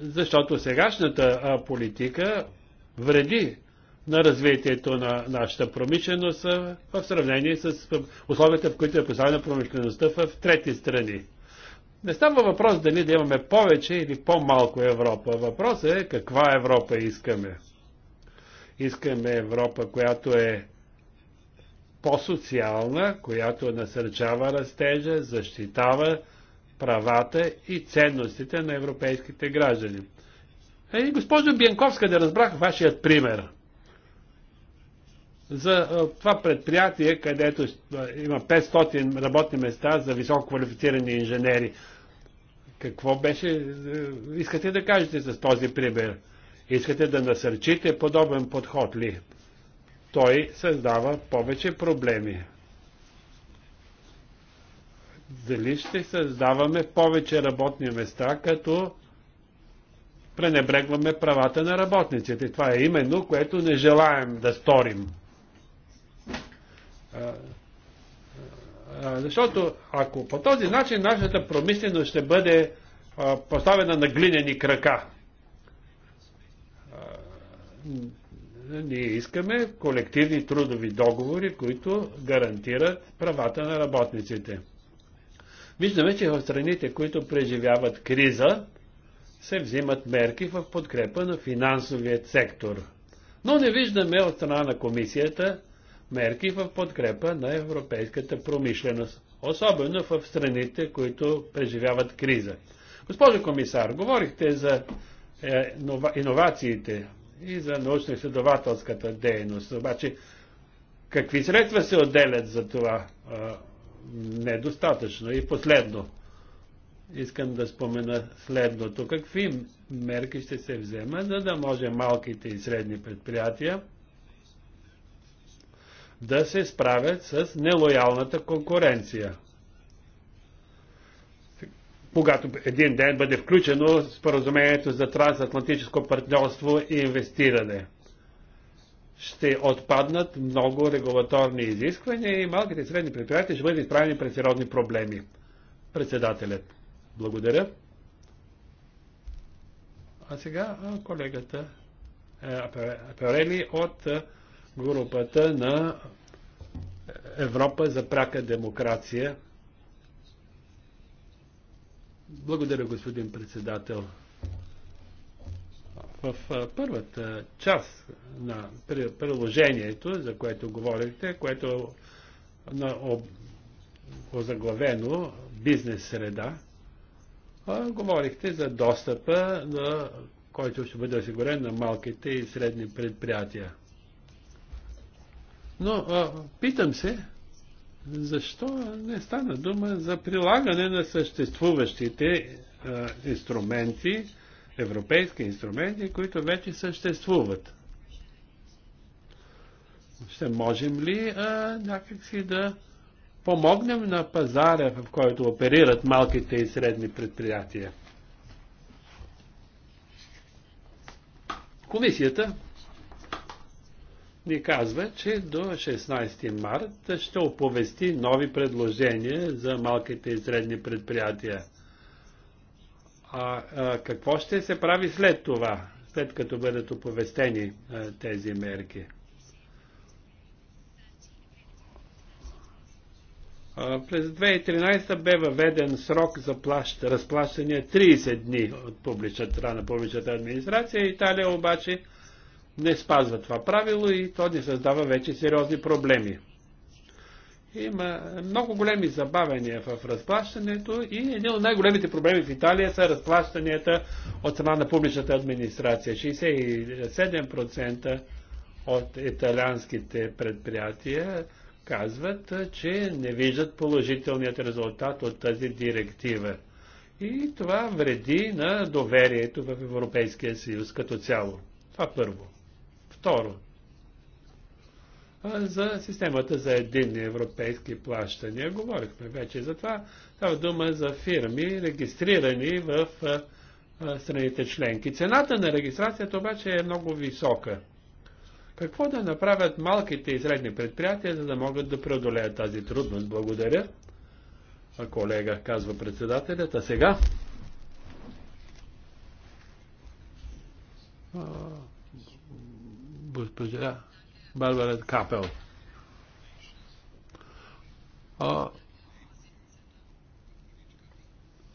Защото сегашната политика вреди на развитието на нашата промишленост в сравнение с условията, в които е поставена промишлеността в трети страни. Не става въпрос дали да имаме повече или по-малко Европа. Въпросът е каква Европа искаме. Искаме Европа, която е по-социална, която насърчава растежа, защитава правата и ценностите на европейските граждани. Е, госпожо Бянковска, да разбрах вашият пример – за е, това предприятие, където е, има 500 работни места за високо квалифицирани инженери. Какво беше, е, искате да кажете с този пример? Искате да насърчите подобен подход ли? Той създава повече проблеми. Дали ще създаваме повече работни места, като пренебрегваме правата на работниците. Това е именно, което не желаем да сторим. Защото ако по този начин нашата промисленост ще бъде поставена на глинени крака, ние искаме колективни трудови договори, които гарантират правата на работниците. Виждаме, че в страните, които преживяват криза, се взимат мерки в подкрепа на финансовият сектор. Но не виждаме от страна на комисията мерки в подкрепа на европейската промишленост, особено в страните, които преживяват криза. Госпожо комисар, говорихте за е, иновациите и за научно-изследователската дейност, обаче какви средства се отделят за това? Е, недостатъчно. И последно, искам да спомена следното. Какви мерки ще се вземат, за да може малките и средни предприятия да се справят с нелоялната конкуренция. Когато един ден бъде включено споразумението за трансатлантическо партньорство и инвестиране, ще отпаднат много регулаторни изисквания и малките и средни предприятия ще бъдат изправени пред сериозни проблеми. Председателят. Благодаря. А сега колегата е, Апарели от е, групата на Европа за прака демокрация. Благодаря, господин председател. В първата част на приложението, за което говорихте, което на озаглавено бизнес среда, говорихте за достъпа, на който ще бъде осигурен на малките и средни предприятия. Но а, питам се, защо не стана дума за прилагане на съществуващите а, инструменти, европейски инструменти, които вече съществуват? Ще можем ли а, някакси да помогнем на пазара, в който оперират малките и средни предприятия? Комисията ни казва, че до 16 март ще оповести нови предложения за малките и средни предприятия. А, а какво ще се прави след това, след като бъдат оповестени а, тези мерки? А, през 2013 бе въведен срок за плащ, разплащане 30 дни от публичната, на публичната администрация. Италия обаче не спазва това правило и то ни създава вече сериозни проблеми. Има много големи забавения в разплащането и един от най-големите проблеми в Италия са разплащанията от страна на публичната администрация. 67% от италианските предприятия казват, че не виждат положителният резултат от тази директива. И това вреди на доверието в Европейския съюз като цяло. Това първо. Второ, за системата за единни европейски плащания. Говорихме вече за това. Става дума за фирми, регистрирани в страните членки. Цената на регистрацията обаче е много висока. Какво да направят малките и средни предприятия, за да могат да преодолеят тази трудност? Благодаря. А колега, казва председателят, а сега? госпожа Барбара Капел. А,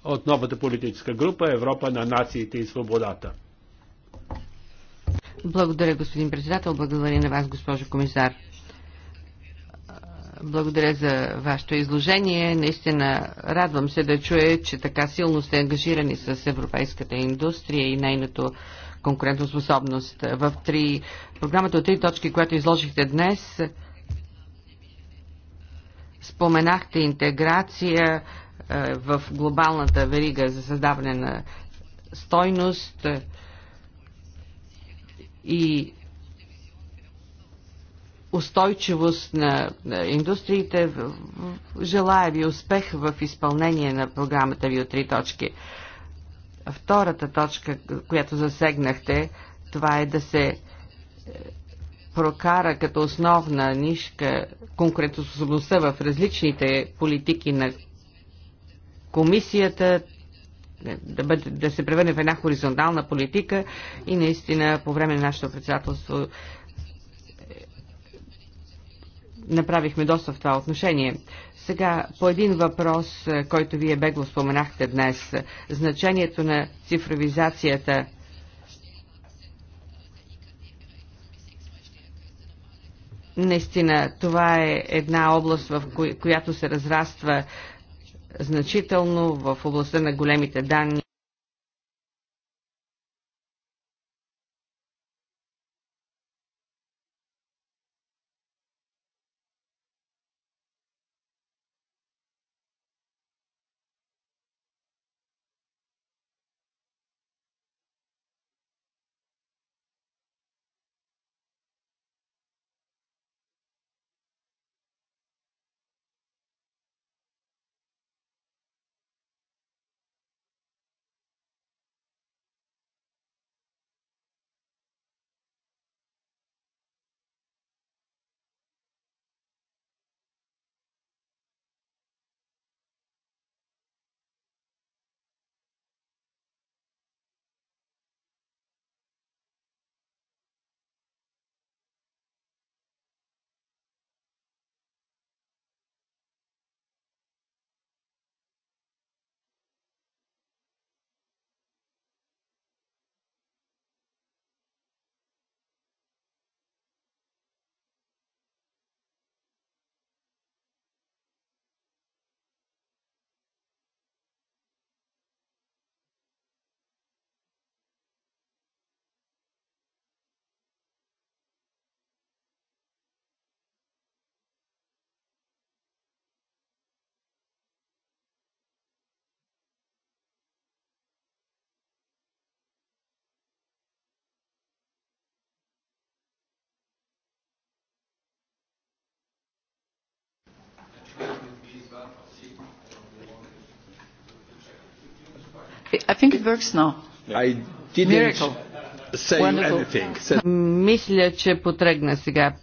от новата политическа група Европа на нациите и свободата. Благодаря, господин председател. Благодаря на вас, госпожо комисар. Благодаря за вашето изложение. Наистина радвам се да чуя, че така силно сте ангажирани с европейската индустрия и нейното конкурентоспособност. В три, програмата от три точки, която изложихте днес, споменахте интеграция е, в глобалната верига за създаване на стойност е, и устойчивост на индустриите. Желая ви успех в изпълнение на програмата ви от три точки втората точка, която засегнахте, това е да се е, прокара като основна нишка конкурентоспособността в различните политики на комисията, да, бъде, да се превърне в една хоризонтална политика и наистина по време на нашето председателство е, направихме доста в това отношение. Сега, по един въпрос, е, който вие бегло споменахте днес, е, значението на цифровизацията Наистина, това е една област, в която се разраства е, значително в областта на големите данни. I think it works now. I didn't Miracle. say Wonderful. anything. Мисля, че потръгна сега.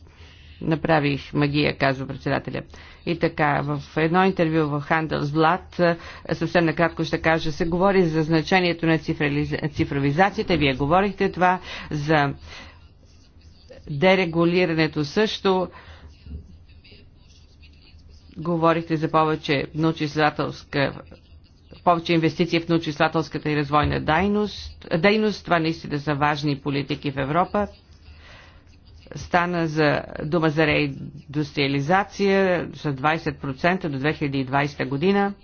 Направих магия, казва председателя. И така, в едно интервю в Handelsblad, е, съвсем накратко ще кажа, се говори за значението на цифровизацията. Вие говорихте това за дерегулирането също говорихте за повече научно-изследователска повече инвестиции в научно-изследователската и развойна дейност. дейност. Това наистина са важни политики в Европа. Стана за дума за реиндустриализация с 20% до 2020 година.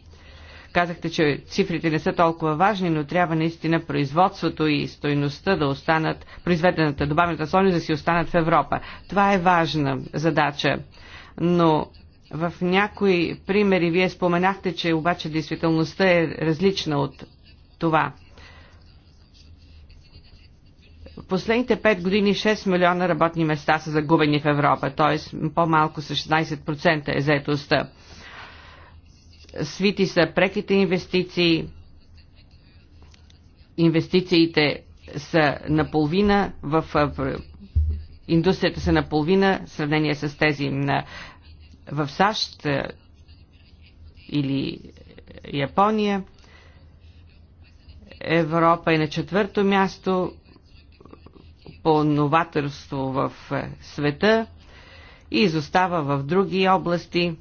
Казахте, че цифрите не са толкова важни, но трябва наистина производството и стойността да останат, произведената добавената стойност да си останат в Европа. Това е важна задача, но в някои примери вие споменахте, че обаче действителността е различна от това. В последните 5 години 6 милиона работни места са загубени в Европа, т.е. по-малко с 16% е заетостта. Свити са преките инвестиции, инвестициите са наполовина в индустрията са наполовина в сравнение с тези на в САЩ е, или Япония. Европа е на четвърто място по новаторство в е, света и изостава в други области.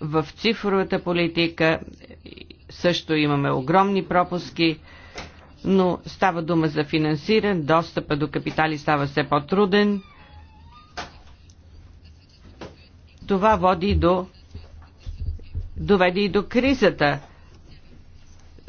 В цифровата политика също имаме огромни пропуски, но става дума за финансиране, достъпа до капитали става все по-труден – Това води до доведе и до кризата,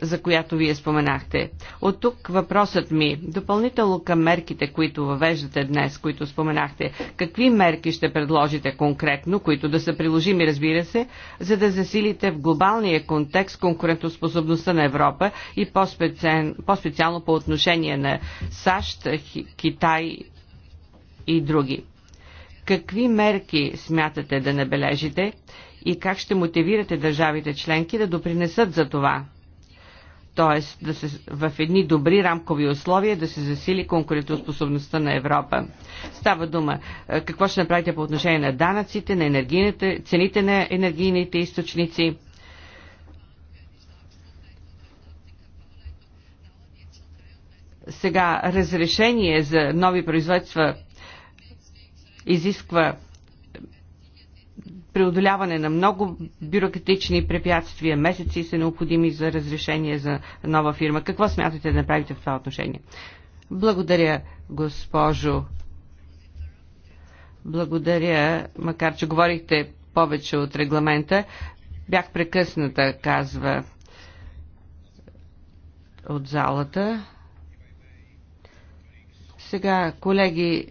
за която вие споменахте. От тук въпросът ми, допълнително към мерките, които въвеждате днес, които споменахте, какви мерки ще предложите конкретно, които да са приложими, разбира се, за да засилите в глобалния контекст конкурентоспособността на Европа и по-специално, по-специално по отношение на САЩ, Китай и други. Какви мерки смятате да набележите и как ще мотивирате държавите членки да допринесат за това? Тоест, да се, в едни добри рамкови условия да се засили конкурентоспособността на Европа. Става дума е, какво ще направите по отношение на данъците, на енергийните, цените на енергийните източници. сега разрешение за нови производства изисква преодоляване на много бюрократични препятствия. Месеци са необходими за разрешение за нова фирма. Какво смятате да направите в това отношение? Благодаря, госпожо. Благодаря, макар че говорихте повече от регламента. Бях прекъсната, казва от залата. Сега, колеги,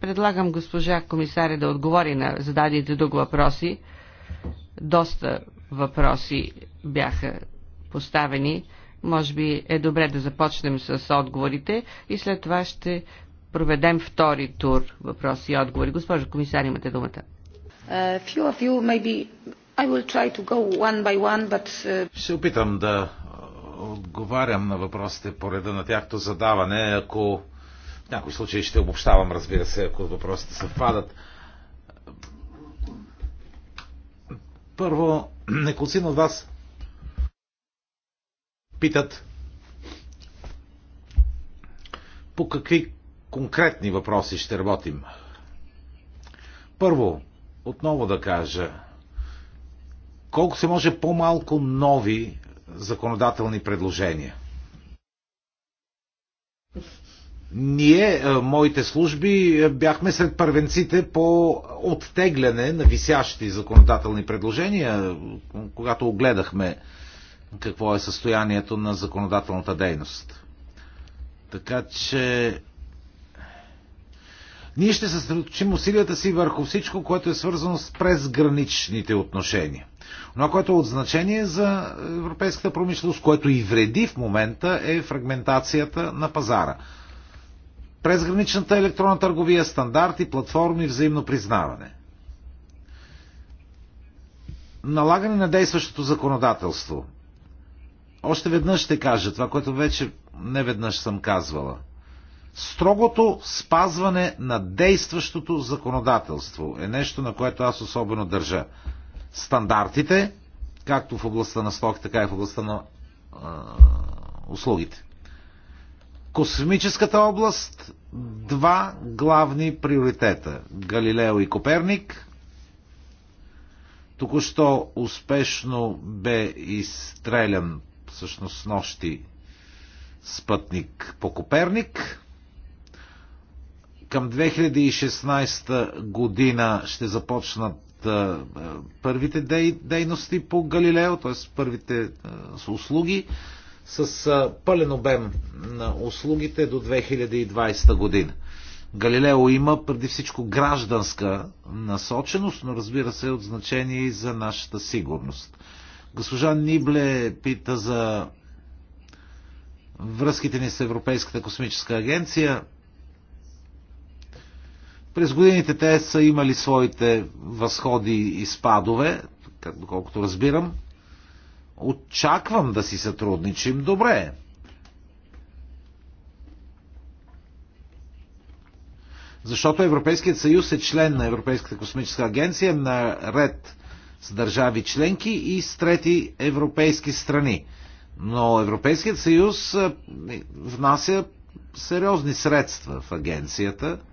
Предлагам госпожа комисаря да отговори на зададените друг въпроси. Доста въпроси бяха поставени. Може би е добре да започнем с отговорите и след това ще проведем втори тур въпроси и отговори. Госпожо комисар, имате думата. Uh, ще опитам да отговарям на въпросите по реда на тяхто задаване. Ако някои случаи ще обобщавам, разбира се, ако въпросите съвпадат. Първо, неколцин от вас питат по какви конкретни въпроси ще работим. Първо, отново да кажа, колко се може по-малко нови законодателни предложения. Ние, е, моите служби, е, бяхме сред първенците по оттегляне на висящи законодателни предложения, когато огледахме какво е състоянието на законодателната дейност. Така че ние ще съсредоточим усилията си върху всичко, което е свързано с презграничните отношения. Но което е от значение за европейската промишленост, което и вреди в момента е фрагментацията на пазара презграничната електронна търговия, стандарти, платформи, взаимно признаване. Налагане на действащото законодателство. Още веднъж ще кажа това, което вече не веднъж съм казвала. Строгото спазване на действащото законодателство е нещо, на което аз особено държа. Стандартите, както в областта на стоки, така и в областта на а, услугите космическата област два главни приоритета Галилео и Коперник. Току-що успешно бе изстрелян всъщност нощи спътник по Коперник. Към 2016 година ще започнат първите дейности по Галилео, т.е. първите услуги с пълен обем на услугите до 2020 година. Галилео има преди всичко гражданска насоченост, но разбира се е от значение и за нашата сигурност. Госпожа Нибле пита за връзките ни с Европейската космическа агенция. През годините те са имали своите възходи и спадове, доколкото разбирам очаквам да си сътрудничим добре. Защото Европейският съюз е член на Европейската космическа агенция на ред с държави членки и с трети европейски страни. Но Европейският съюз е, внася сериозни средства в агенцията –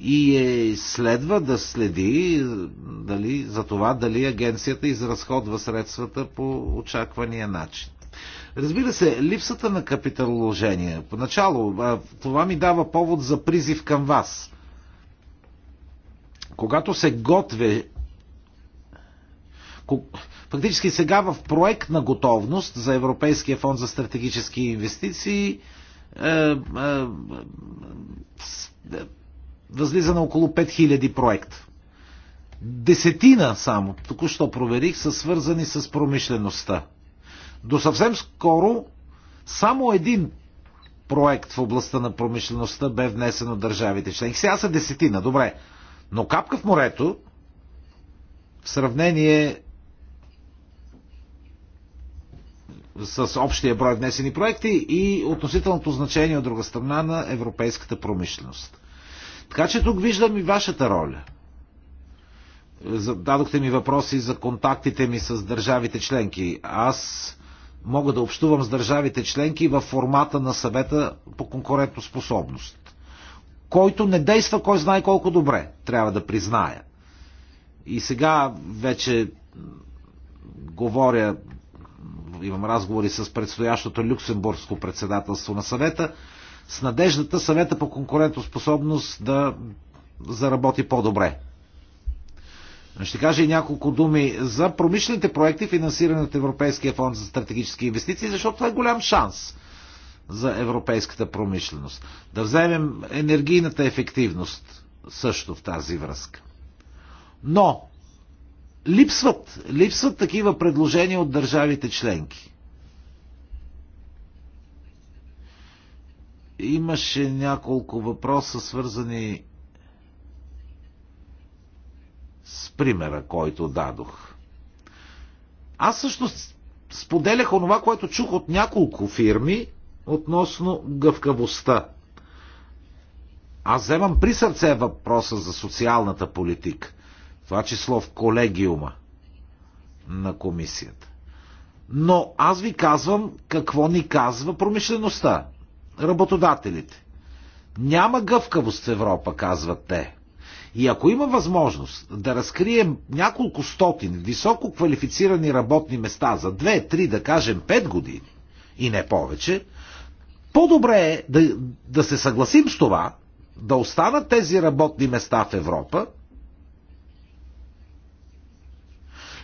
и е, следва да следи дали, за това дали агенцията изразходва средствата по очаквания начин. Разбира се, липсата на капиталоложение. Поначало това ми дава повод за призив към вас. Когато се готве. Фактически сега в проект на готовност за Европейския фонд за стратегически инвестиции е, е, възлиза на около 5000 проекта. Десетина само, току-що проверих, са свързани с промишлеността. До съвсем скоро само един проект в областта на промишлеността бе внесен от държавите членки. Сега са десетина, добре. Но капка в морето, в сравнение с общия брой внесени проекти и относителното значение от друга страна на европейската промишленост. Така че тук виждам и вашата роля. Дадохте ми въпроси за контактите ми с държавите членки. Аз мога да общувам с държавите членки във формата на съвета по конкурентоспособност, който не действа кой знае колко добре, трябва да призная. И сега вече говоря, имам разговори с предстоящото люксембургско председателство на съвета, с надеждата съвета по конкурентоспособност да заработи по-добре. Ще кажа и няколко думи за промишлените проекти, финансирани от Европейския фонд за стратегически инвестиции, защото това е голям шанс за европейската промишленост. Да вземем енергийната ефективност също в тази връзка. Но липсват, липсват такива предложения от държавите членки. Имаше няколко въпроса, свързани с примера, който дадох. Аз също споделях онова, което чух от няколко фирми относно гъвкавостта. Аз вземам при сърце въпроса за социалната политика, това число в колегиума на комисията. Но аз ви казвам какво ни казва промишлеността работодателите. Няма гъвкавост в Европа, казват те. И ако има възможност да разкрием няколко стотин високо квалифицирани работни места за 2, 3, да кажем 5 години и не повече, по-добре е да, да се съгласим с това, да останат тези работни места в Европа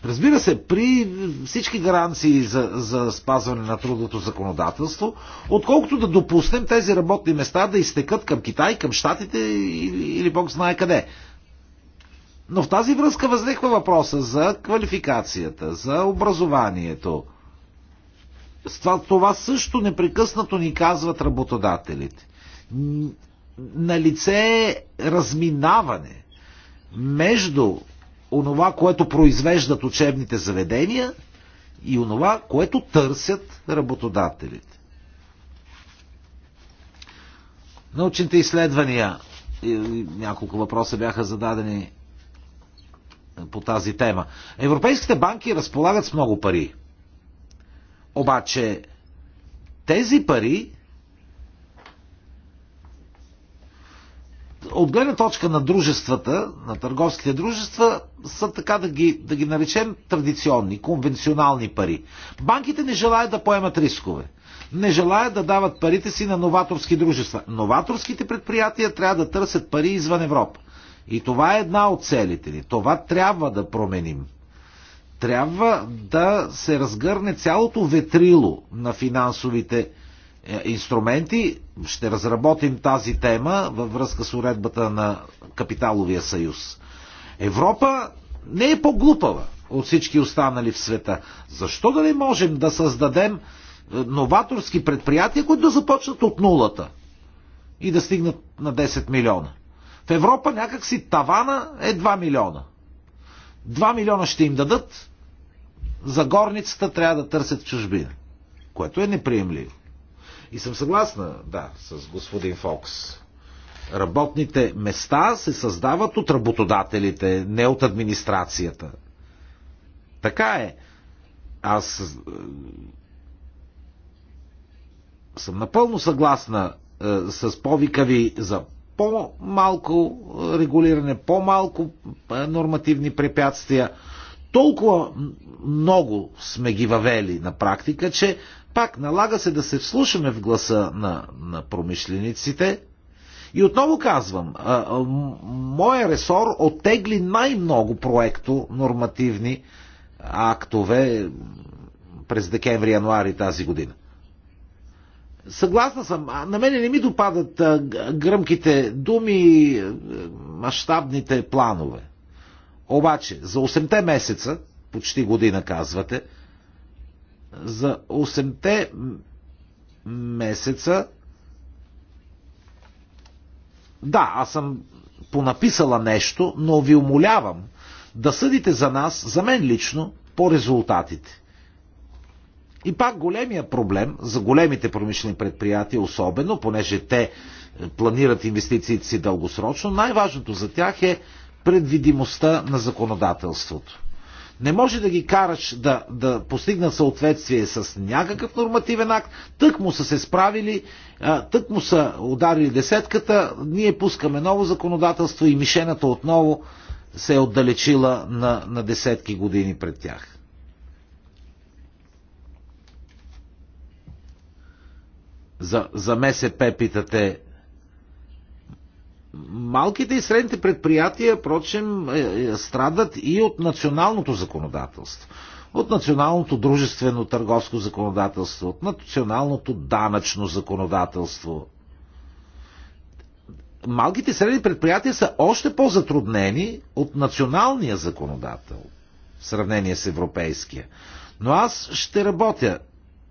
Разбира се, при всички гаранции за, за спазване на трудното законодателство, отколкото да допуснем тези работни места да изтекат към Китай, към Штатите или, или Бог знае къде. Но в тази връзка възниква въпроса за квалификацията, за образованието. Това, това също непрекъснато ни казват работодателите. На лице е разминаване между онова, което произвеждат учебните заведения и онова, което търсят работодателите. Научните изследвания. Няколко въпроса бяха зададени е, по тази тема. Европейските банки разполагат с много пари. Обаче тези пари от гледна точка на дружествата, на търговските дружества, са така да ги, да ги наречем традиционни, конвенционални пари. Банките не желаят да поемат рискове. Не желаят да дават парите си на новаторски дружества. Новаторските предприятия трябва да търсят пари извън Европа. И това е една от целите ни. Това трябва да променим. Трябва да се разгърне цялото ветрило на финансовите е, инструменти. Ще разработим тази тема във връзка с уредбата на капиталовия съюз. Европа не е по-глупава от всички останали в света. Защо да не можем да създадем е, новаторски предприятия, които да започнат от нулата и да стигнат на 10 милиона? В Европа някакси тавана е 2 милиона. 2 милиона ще им дадат, за горницата трябва да търсят чужбина, което е неприемливо. И съм съгласна, да, с господин Фокс. Работните места се създават от работодателите, не от администрацията. Така е. Аз е, съм напълно съгласна е, с повика ви за по-малко е, регулиране, по-малко е, нормативни препятствия. Толкова много сме ги въвели на практика, че пак налага се да се вслушаме в гласа на, на промишлениците. И отново казвам, а, а, моя ресор оттегли най-много проекто нормативни актове през декември-януари тази година. Съгласна съм. а На мене не ми допадат гръмките думи, мащабните планове. Обаче, за 8 месеца, почти година казвате, за 8-те месеца да, аз съм понаписала нещо, но ви умолявам да съдите за нас, за мен лично, по резултатите. И пак големия проблем за големите промишлени предприятия, особено, понеже те е, планират инвестициите си дългосрочно, най-важното за тях е предвидимостта на законодателството. Не може да ги караш да, да постигнат съответствие с някакъв нормативен акт, тък му са се справили, тък му са ударили десетката, ние пускаме ново законодателство и мишената отново се е отдалечила на, на десетки години пред тях. За, за МСП питате малките и средните предприятия, прочим, е, е, страдат и от националното законодателство. От националното дружествено търговско законодателство, от националното данъчно законодателство. Малките и средни предприятия са още по-затруднени от националния законодател в сравнение с европейския. Но аз ще работя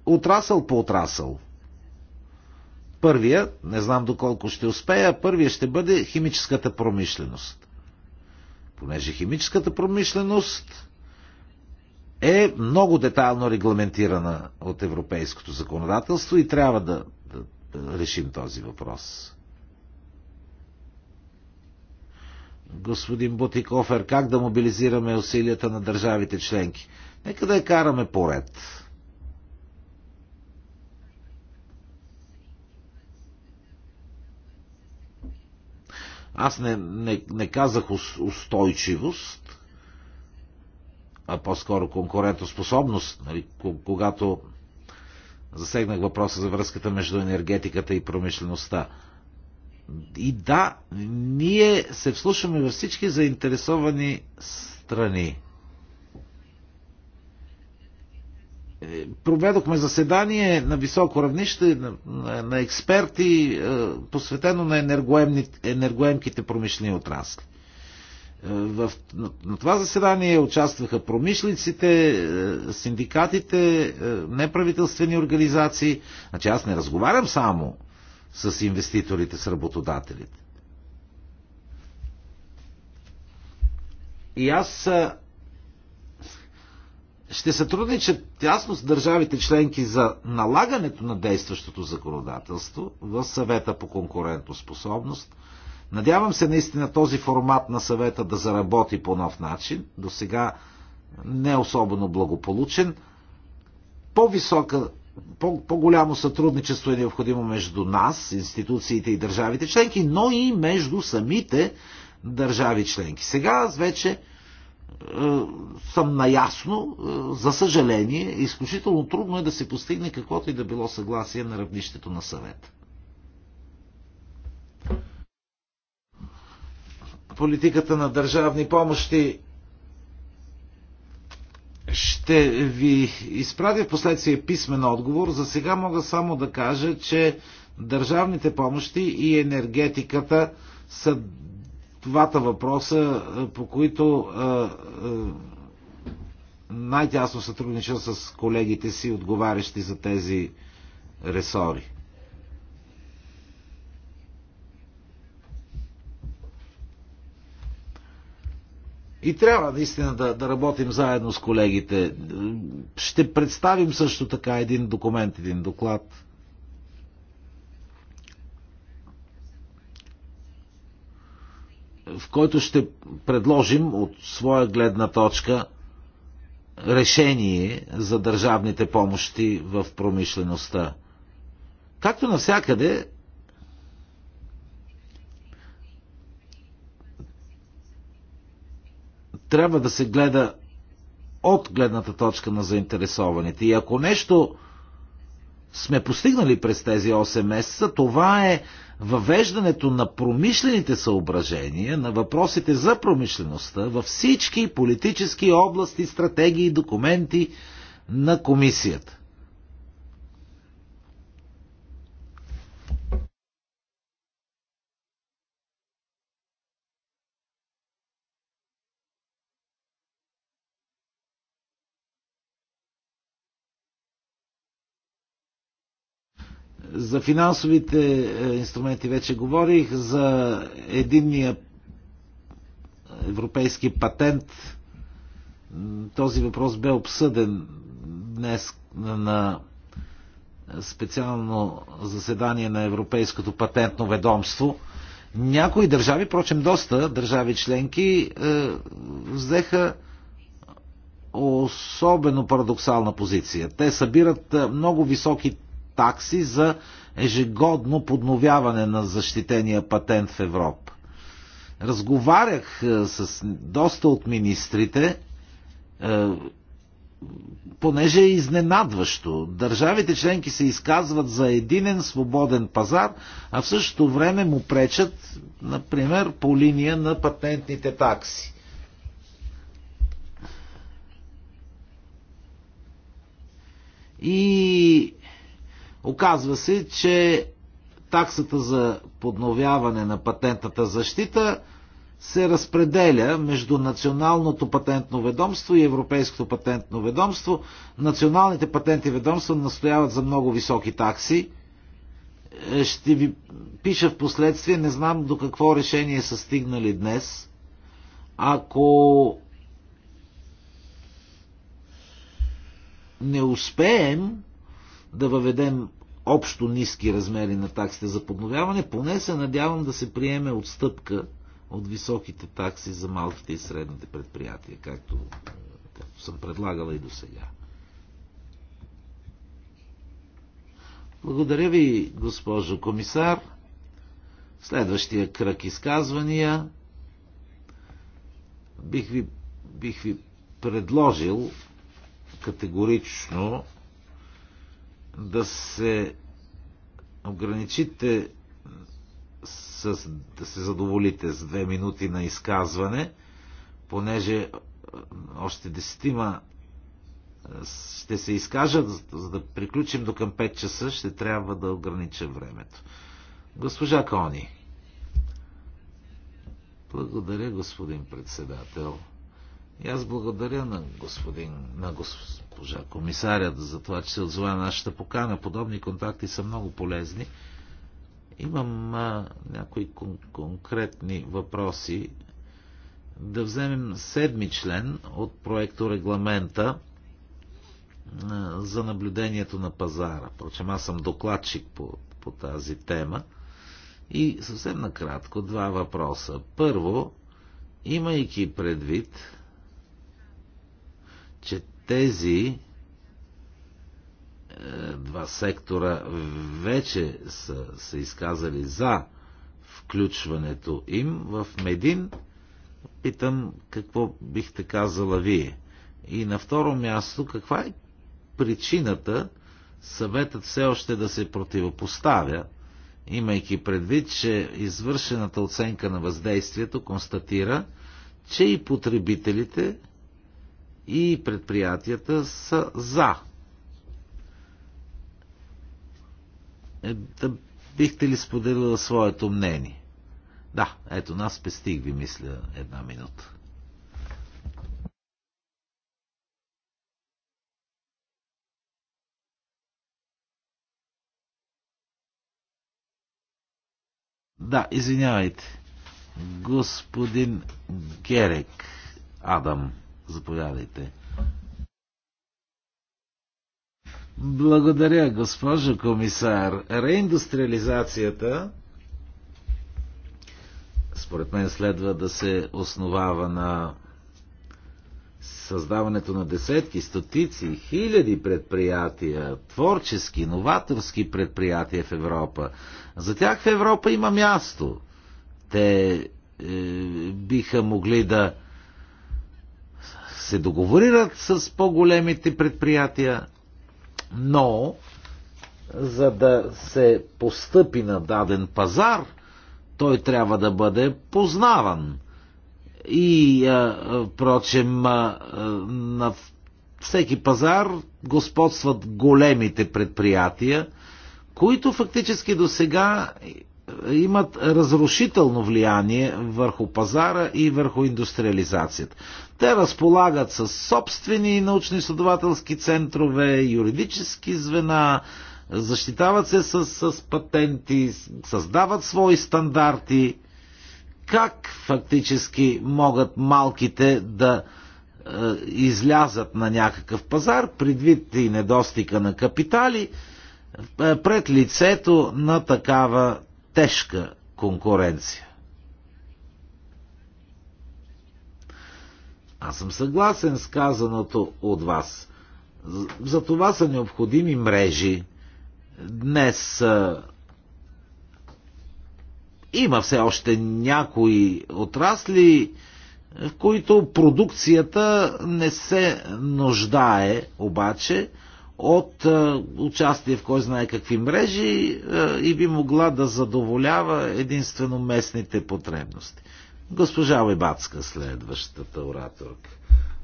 отрасъл по отрасъл, Първия, не знам доколко ще успея, първия ще бъде химическата промишленост. Понеже химическата промишленост е много детайлно регламентирана от европейското законодателство и трябва да, да, да решим този въпрос. Господин Бутикофер, как да мобилизираме усилията на държавите членки? Нека да я караме поред Аз не, не, не казах устойчивост, а по-скоро конкурентоспособност, нали, когато засегнах въпроса за връзката между енергетиката и промишлеността. И да, ние се вслушаме във всички заинтересовани страни. Е, проведохме заседание на високо равнище на, на експерти, е, посветено на енергоемките промишлени отрасли. Е, в, на, на това заседание участваха промишлиците, синдикатите, неправителствени организации. Значи аз не разговарям само с инвеститорите, с работодателите. И аз ще сътрудничат тясно с държавите членки за налагането на действащото законодателство в съвета по конкурентоспособност. Надявам се наистина този формат на съвета да заработи по нов начин, до сега не е особено благополучен. По-висока, по-голямо -по сътрудничество е необходимо между нас, институциите и държавите членки, но и между самите държави членки. Сега аз вече е, съм наясно, е, за съжаление, изключително трудно е да се постигне каквото и да било съгласие на равнището на съвет. Политиката на държавни помощи ще ви изправя в последствие писмен отговор. За сега мога само да кажа, че държавните помощи и енергетиката са двата въпроса, по които най-тясно сътруднича с колегите си, отговарящи за тези ресори. И трябва наистина да, да работим заедно с колегите. Ще представим също така един документ, един доклад. в който ще предложим от своя гледна точка решение за държавните помощи в промишлеността. Както навсякъде, трябва да се гледа от гледната точка на заинтересованите. И ако нещо сме постигнали през тези 8 месеца, това е въвеждането на промишлените съображения, на въпросите за промишлеността във всички политически области, стратегии, документи на комисията. За финансовите е, инструменти вече говорих, за единния европейски патент. Този въпрос бе обсъден днес на специално заседание на Европейското патентно ведомство. Някои държави, прочем доста държави членки, е, взеха особено парадоксална позиция. Те събират е, много високи такси за ежегодно подновяване на защитения патент в Европа. Разговарях е, с доста от министрите, е, понеже е изненадващо. Държавите членки се изказват за единен свободен пазар, а в същото време му пречат, например, по линия на патентните такси. И Оказва се, че таксата за подновяване на патентната защита се разпределя между Националното патентно ведомство и Европейското патентно ведомство. Националните патенти ведомства настояват за много високи такси. Е, ще ви пиша в последствие, не знам до какво решение са стигнали днес. Ако не успеем да въведем общо ниски размери на таксите за подновяване, поне се надявам да се приеме отстъпка от високите такси за малките и средните предприятия, както, е, както съм предлагала и до сега. Благодаря ви, госпожо комисар. Следващия кръг изказвания бих ви, бих ви предложил категорично да се ограничите с, да се задоволите с две минути на изказване, понеже още десетима ще се изкажат, за да приключим до към 5 часа, ще трябва да огранича времето. Госпожа Кони. Благодаря, господин председател. И аз благодаря на господин, на госпожа комисарят за това, че се отзова на нашата покана. Подобни контакти са много полезни. Имам а, някои кон- конкретни въпроси. Да вземем седми член от проекто регламента а, за наблюдението на пазара. Впрочем, аз съм докладчик по, по тази тема. И съвсем накратко два въпроса. Първо, имайки предвид че тези е, два сектора вече са се изказали за включването им в Медин, питам какво бихте казала вие. И на второ място, каква е причината съветът все още да се противопоставя, имайки предвид, че извършената оценка на въздействието констатира, че и потребителите и предприятията са за. Е, да бихте ли споделила своето мнение? Да, ето нас пестих ви, мисля, една минута. Да, извинявайте. Господин Герек Адам. Заповядайте. Благодаря, госпожо комисар. Реиндустриализацията според мен следва да се основава на създаването на десетки, стотици, хиляди предприятия, творчески, новаторски предприятия в Европа. За тях в Европа има място. Те е, биха могли да се договорират с по-големите предприятия, но за да се постъпи на даден пазар, той трябва да бъде познаван. И, а, впрочем, а, на всеки пазар господстват големите предприятия, които фактически до сега имат разрушително влияние върху пазара и върху индустриализацията. Те разполагат с собствени научно-изследователски центрове, юридически звена, защитават се с, с патенти, създават свои стандарти. Как фактически могат малките да е, излязат на някакъв пазар, предвид и недостига на капитали, е, пред лицето на такава тежка конкуренция. Аз съм съгласен с казаното от вас. За това са необходими мрежи. Днес а, има все още някои отрасли, в които продукцията не се нуждае обаче от е, участие в кой знае какви мрежи е, и би могла да задоволява единствено местните потребности. Госпожа Вебацка, следващата ораторка.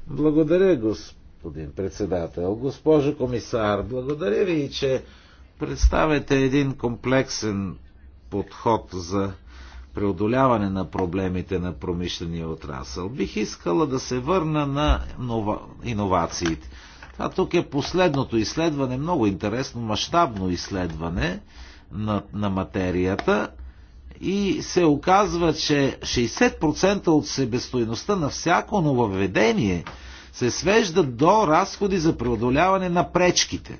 Благодаря, господин председател. Госпожо комисар, благодаря ви, че представяте един комплексен подход за преодоляване на проблемите на промишления отрасъл. Бих искала да се върна на инова... иновациите. А тук е последното изследване, много интересно, мащабно изследване на, на материята и се оказва, че 60% от себестойността на всяко нововведение се свежда до разходи за преодоляване на пречките,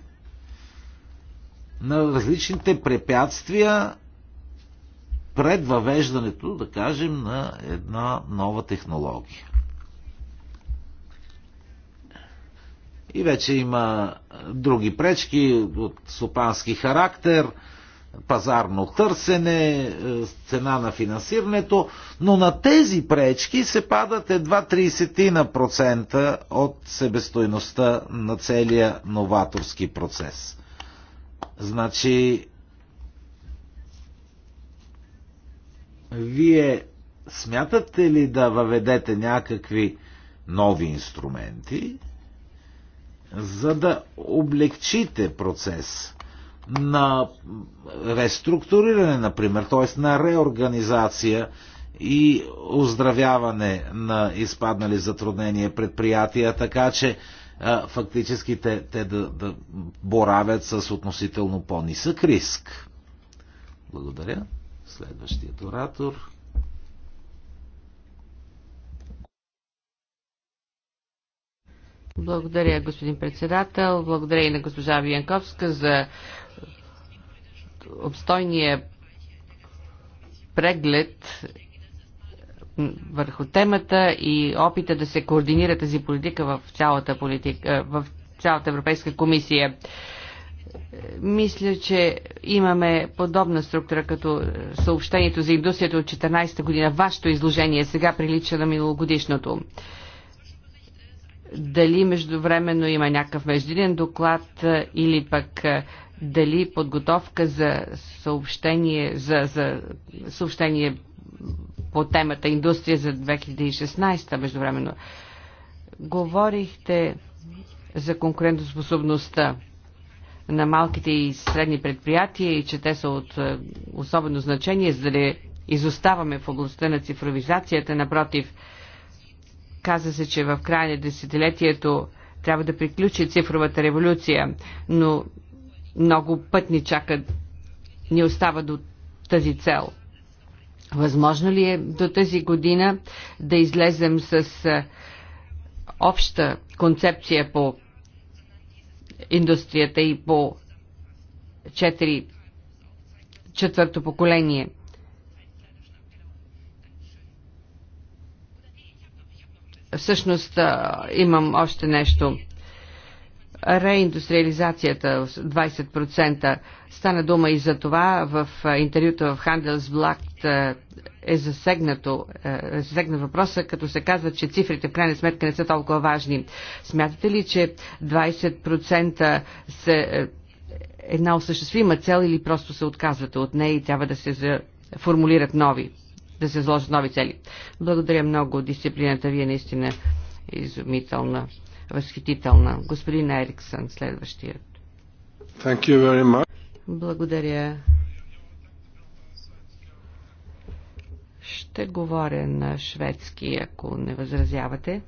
на различните препятствия пред въвеждането, да кажем, на една нова технология. И вече има други пречки от супански характер, пазарно търсене, цена на финансирането, но на тези пречки се падат едва 30% от себестойността на целия новаторски процес. Значи, вие смятате ли да въведете някакви нови инструменти, за да облегчите процес на реструктуриране, например, т.е. на реорганизация и оздравяване на изпаднали затруднения предприятия, така че а, фактически те, те да, да боравят с относително по-нисък риск. Благодаря. Следващият оратор. Благодаря, господин председател. Благодаря и на госпожа Виянковска за обстойния преглед върху темата и опита да се координира тази политика в цялата, политика, е, в цялата Европейска комисия. Мисля, че имаме подобна структура като съобщението за индустрията от 2014 година. Вашето изложение сега прилича на миналогодишното дали междувременно има някакъв междинен доклад или пък дали подготовка за съобщение, за, за съобщение по темата индустрия за 2016 междувременно. Говорихте за конкурентоспособността на малките и средни предприятия и че те са от особено значение, за да изоставаме в областта на цифровизацията. Напротив, каза се, че в края на десетилетието трябва да приключи цифровата революция, но много път ни чакат, ни остава до тази цел. Възможно ли е до тази година да излезем с обща концепция по индустрията и по 4, четвърто поколение – Всъщност имам още нещо. Реиндустриализацията 20% стана дума и за това в интервюто в Handelsblatt е засегнато, е засегнат въпроса, като се казва, че цифрите в крайна сметка не са толкова важни. Смятате ли, че 20% се е, една осъществима цел или просто се отказвате от нея и трябва да се формулират нови? да се изложат нови цели. Благодаря много. Дисциплината ви е наистина изумителна, възхитителна. Господин Ериксън, следващият. Thank you very much. Благодаря. Ще говоря на шведски, ако не възразявате.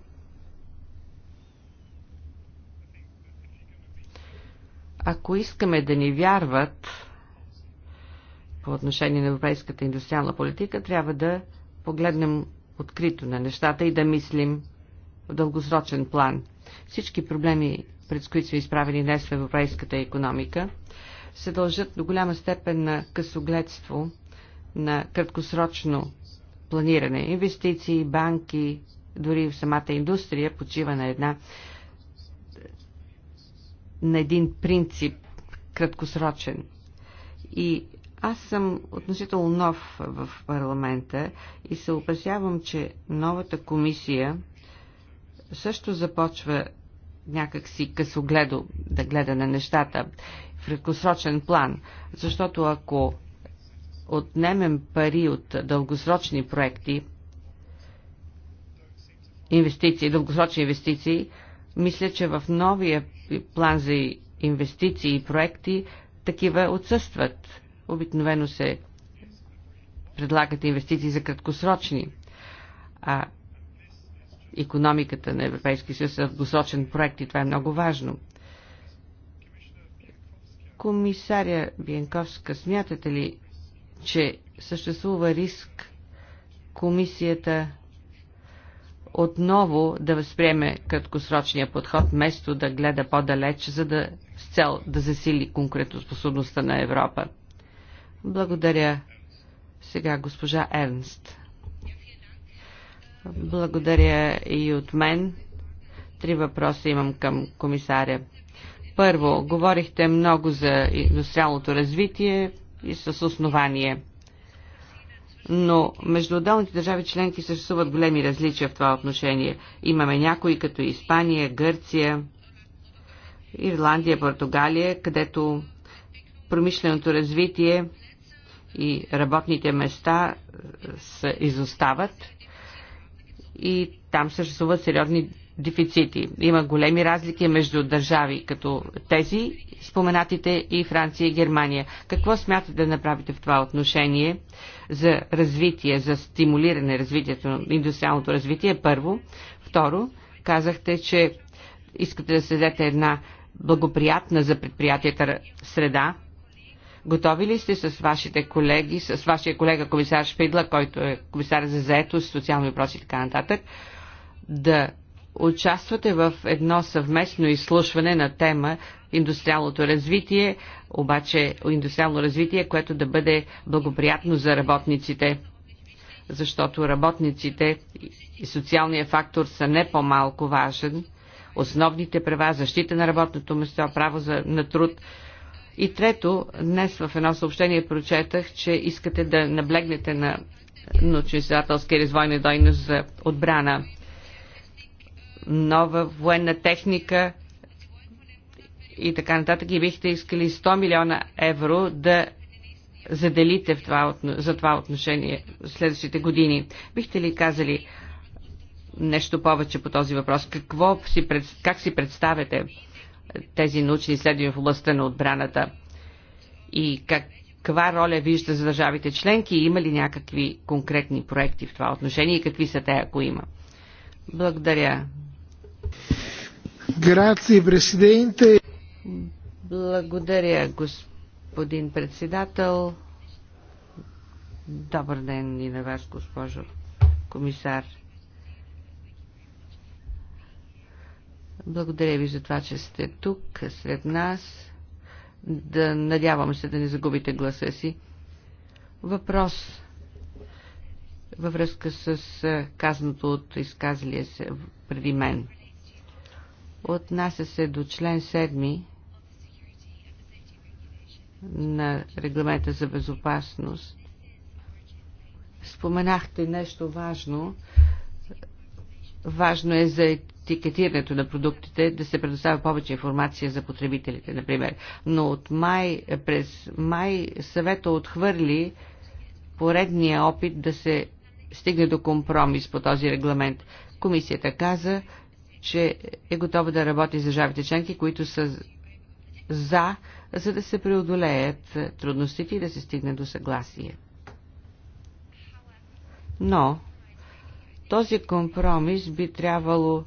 Ако искаме да ни вярват, по отношение на европейската индустриална политика, трябва да погледнем открито на нещата и да мислим в дългосрочен план. Всички проблеми, пред които са изправени днес в европейската економика, се дължат до голяма степен на късогледство, на краткосрочно планиране. Инвестиции, банки, дори в самата индустрия почива на една на един принцип краткосрочен. И аз съм относително нов в парламента и се опасявам, че новата комисия също започва някакси късогледо да гледа на нещата в краткосрочен план, защото ако отнемем пари от дългосрочни проекти, инвестиции, дългосрочни инвестиции, мисля, че в новия план за инвестиции и проекти такива отсъстват обикновено се предлагат инвестиции за краткосрочни, а економиката на Европейския съюз е дългосрочен проект и това е много важно. Комисаря Биенковска, смятате ли, че съществува риск комисията отново да възприеме краткосрочния подход, вместо да гледа по-далеч, за да с цел да засили конкурентоспособността на Европа? Благодаря. Сега госпожа Ернст. Благодаря и от мен. Три въпроса имам към комисаря. Първо, говорихте много за индустриалното развитие и с основание. Но между отделните държави членки съществуват големи различия в това отношение. Имаме някои като Испания, Гърция, Ирландия, Португалия, където промишленото развитие и работните места е, са, изостават и там съществуват сериозни дефицити. Има големи разлики между държави като тези, споменатите и Франция и Германия. Какво смятате да направите в това отношение за развитие, за стимулиране развитието, индустриалното развитие? Първо. Второ, казахте, че искате да създадете една благоприятна за предприятията среда, Готови ли сте с вашите колеги, с вашия колега комисар Шпидла, който е комисар за заетост, социални въпроси и така нататък, да участвате в едно съвместно изслушване на тема индустриалното развитие, обаче индустриално развитие, което да бъде благоприятно за работниците, защото работниците и социалния фактор са не по-малко важен. Основните права, защита на работното место, право за, на труд, и трето, днес в едно съобщение прочетах, че искате да наблегнете на научно-изследователска развойна дойност за отбрана. Нова военна техника и така нататък. И бихте искали 100 милиона евро да заделите в това, за това отношение в следващите години. Бихте ли казали нещо повече по този въпрос? Какво си, как си представяте? тези научни изследвания в областта на отбраната? И каква роля вижда за държавите членки? Има ли някакви конкретни проекти в това отношение и какви са те, ако има? Благодаря. Грации, президенте. Благодаря, господин председател. Добър ден и на вас, госпожо комисар. Благодаря ви за това, че сте тук сред нас. Да надявам се да не загубите гласа си. Въпрос във връзка с казаното от изказалия се преди мен. Отнася се до член 7 на регламента за безопасност. Споменахте нещо важно. Важно е за етикетирането на продуктите, да се предоставя повече информация за потребителите, например. Но от май, през май съвета отхвърли поредния опит да се стигне до компромис по този регламент. Комисията каза, че е готова да работи с държавите членки, които са за, за да се преодолеят трудностите и да се стигне до съгласие. Но този компромис би трябвало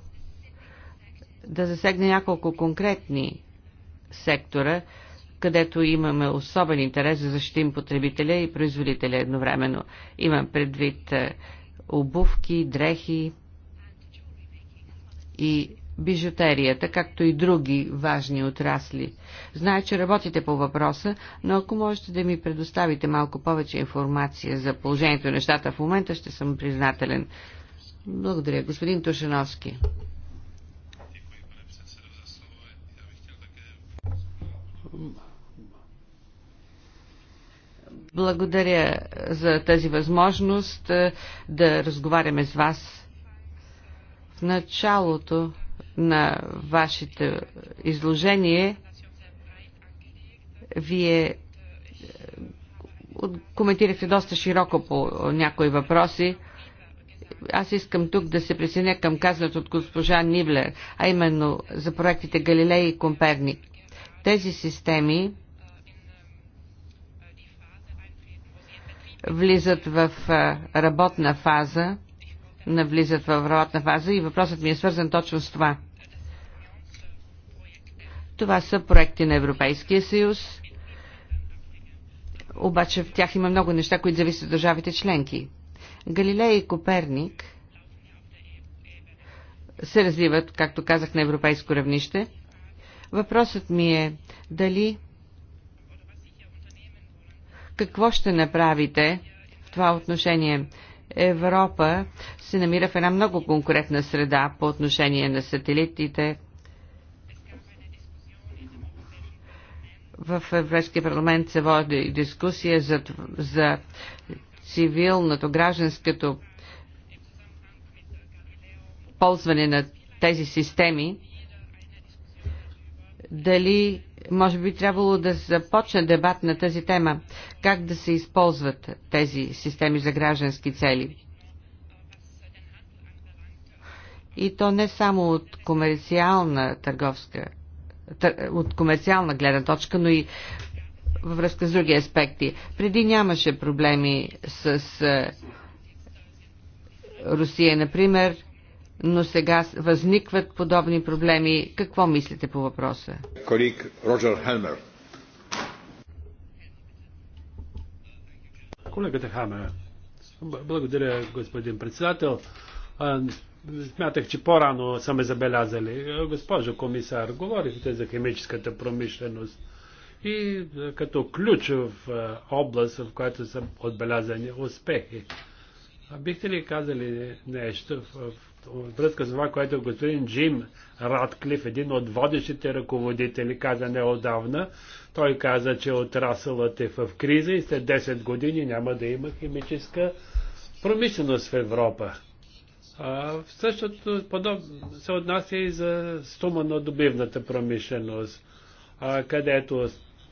да засегне няколко конкретни сектора, където имаме особен интерес за защитим потребителя и производителя едновременно. Имам предвид е, обувки, дрехи и бижутерията, както и други важни отрасли. Знае, че работите по въпроса, но ако можете да ми предоставите малко повече информация за положението на нещата в момента, ще съм признателен. Благодаря. Господин Тушановски. Благодаря за тази възможност е, да разговаряме с вас. В началото на вашето изложение вие е, коментирахте доста широко по някои въпроси. Аз искам тук да се присъединя към казаното от госпожа Ниблер, а именно за проектите Галилей и Комперник тези системи влизат в работна фаза, навлизат в работна фаза и въпросът ми е свързан точно с това. Това са проекти на Европейския съюз, обаче в тях има много неща, които зависят от държавите членки. Галилей и Коперник се развиват, както казах, на европейско равнище – Въпросът ми е дали какво ще направите в това отношение? Европа се намира в една много конкурентна среда по отношение на сателитите. В Европейския парламент се води дискусия за, за цивилното, гражданското ползване на тези системи дали може би трябвало да започне дебат на тази тема, как да се използват тези системи за граждански цели. И то не само от комерциална търговска, тър, от комерциална гледна точка, но и във връзка с други аспекти. Преди нямаше проблеми с е, Русия, например, но сега възникват подобни проблеми. Какво мислите по въпроса? Колег Роджер Хелмер. Колегата Хамер. Благодаря, господин председател. Смятах, че по-рано са ме забелязали. Госпожо комисар, говорихте за химическата промишленост и като ключов област, в която са отбелязани успехи. Бихте ли казали нещо в връзка с това, което господин Джим Радклиф, един от водещите ръководители, каза неодавна. Той каза, че отрасълът е в криза и след 10 години няма да има химическа промишленост в Европа. А, същото подобно се отнася и за на добивната промишленост, а, където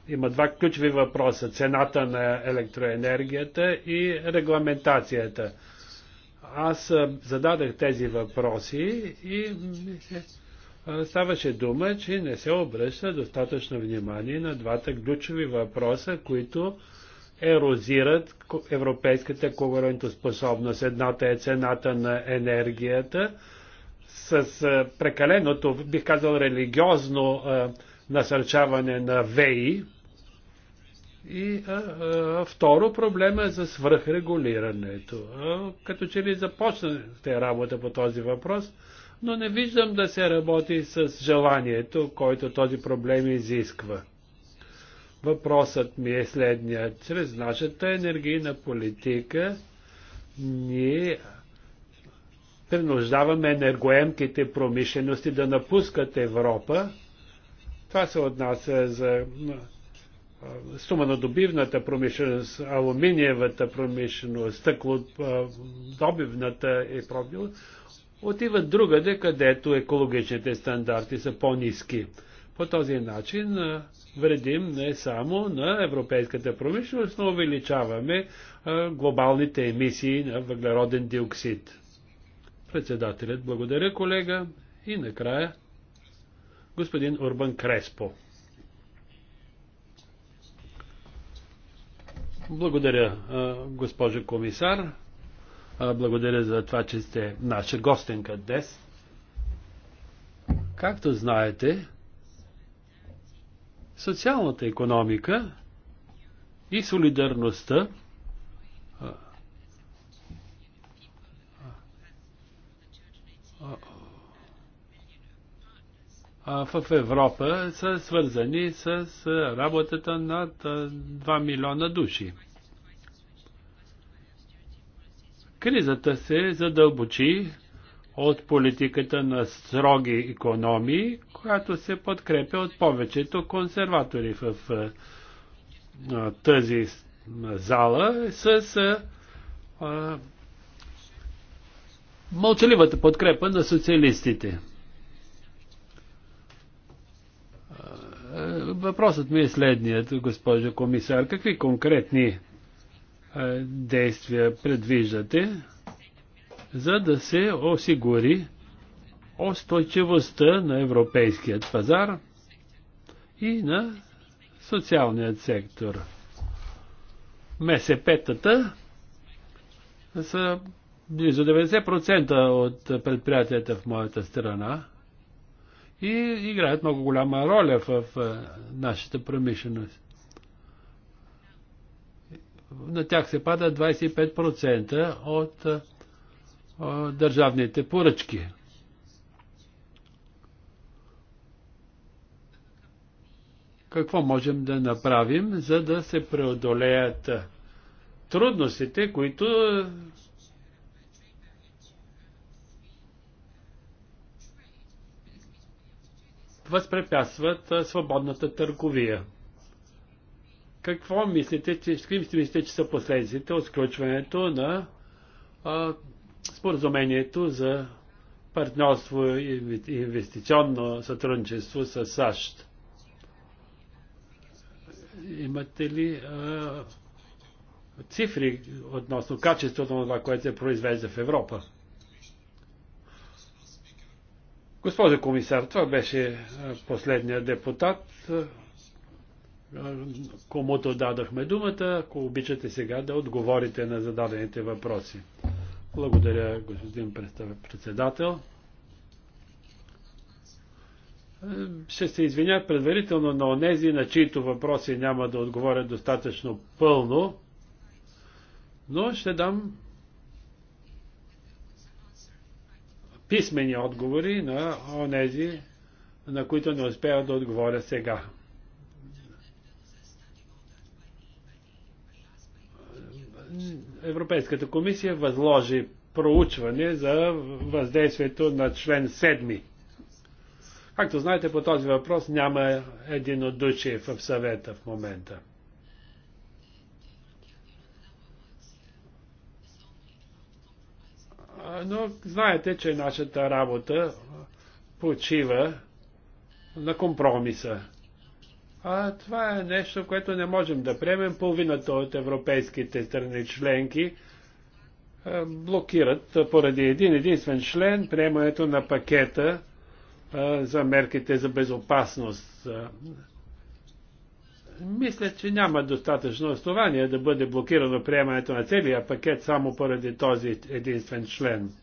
има два ключови въпроса цената на електроенергията и регламентацията аз зададах тези въпроси и ставаше дума, че не се обръща достатъчно внимание на двата ключови въпроса, които ерозират европейската конкурентоспособност. Едната е цената на енергията с прекаленото, бих казал, религиозно насърчаване на ВЕИ, и а, а, второ, проблема е за свръхрегулирането. А, като че ли започнахте работа по този въпрос, но не виждам да се работи с желанието, който този проблем изисква. Въпросът ми е следния. Чрез нашата енергийна политика ние принуждаваме енергоемките промишлености да напускат Европа. Това се отнася за суманодобивната промишленост, алуминиевата промишленост, стъклодобивната и пробила, отиват другаде, където екологичните стандарти са по-низки. По този начин вредим не само на европейската промишленост, но увеличаваме глобалните емисии на въглероден диоксид. Председателят благодаря, колега. И накрая господин Урбан Креспо. Благодаря, госпожо комисар. Благодаря за това, че сте наша гостенка днес. Както знаете, социалната економика и солидарността в Европа са свързани с работата над 2 милиона души. Кризата се задълбочи от политиката на строги економии, която се подкрепя от повечето консерватори в тази зала с мълчаливата подкрепа на социалистите. Въпросът ми е следният, госпожа комисар. Какви конкретни е, действия предвиждате, за да се осигури устойчивостта на европейският пазар и на социалният сектор? МСП-тата са близо 90% от предприятията в моята страна и играят много голяма роля в е, нашата промишленост. На тях се пада 25% от е, държавните поръчки. Какво можем да направим, за да се преодолеят трудностите, които възпрепятстват свободната търговия. Какво мислите, че, мислите, че са последиците от сключването на а, споразумението за партньорство и инвестиционно сътрудничество с САЩ? Имате ли а, цифри относно качеството на това, което се произвежда в Европа? Госпожа комисар, това беше е, последния депутат, е, комуто дадахме думата. Ако обичате сега да отговорите на зададените въпроси. Благодаря, господин председател. Е, ще се извиня предварително на онези, на чието въпроси няма да отговоря достатъчно пълно, но ще дам писмени отговори на онези, на които не успея да отговоря сега. Европейската комисия възложи проучване за въздействието на член 7. Както знаете, по този въпрос няма единодушие в съвета в момента. но знаете, че нашата работа почива на компромиса. А това е нещо, което не можем да приемем. Половината от европейските страни членки е, блокират поради един единствен член приемането на пакета е, за мерките за безопасност. Е, мисля, че няма достатъчно основание да бъде блокирано приемането на целия пакет само поради този единствен член.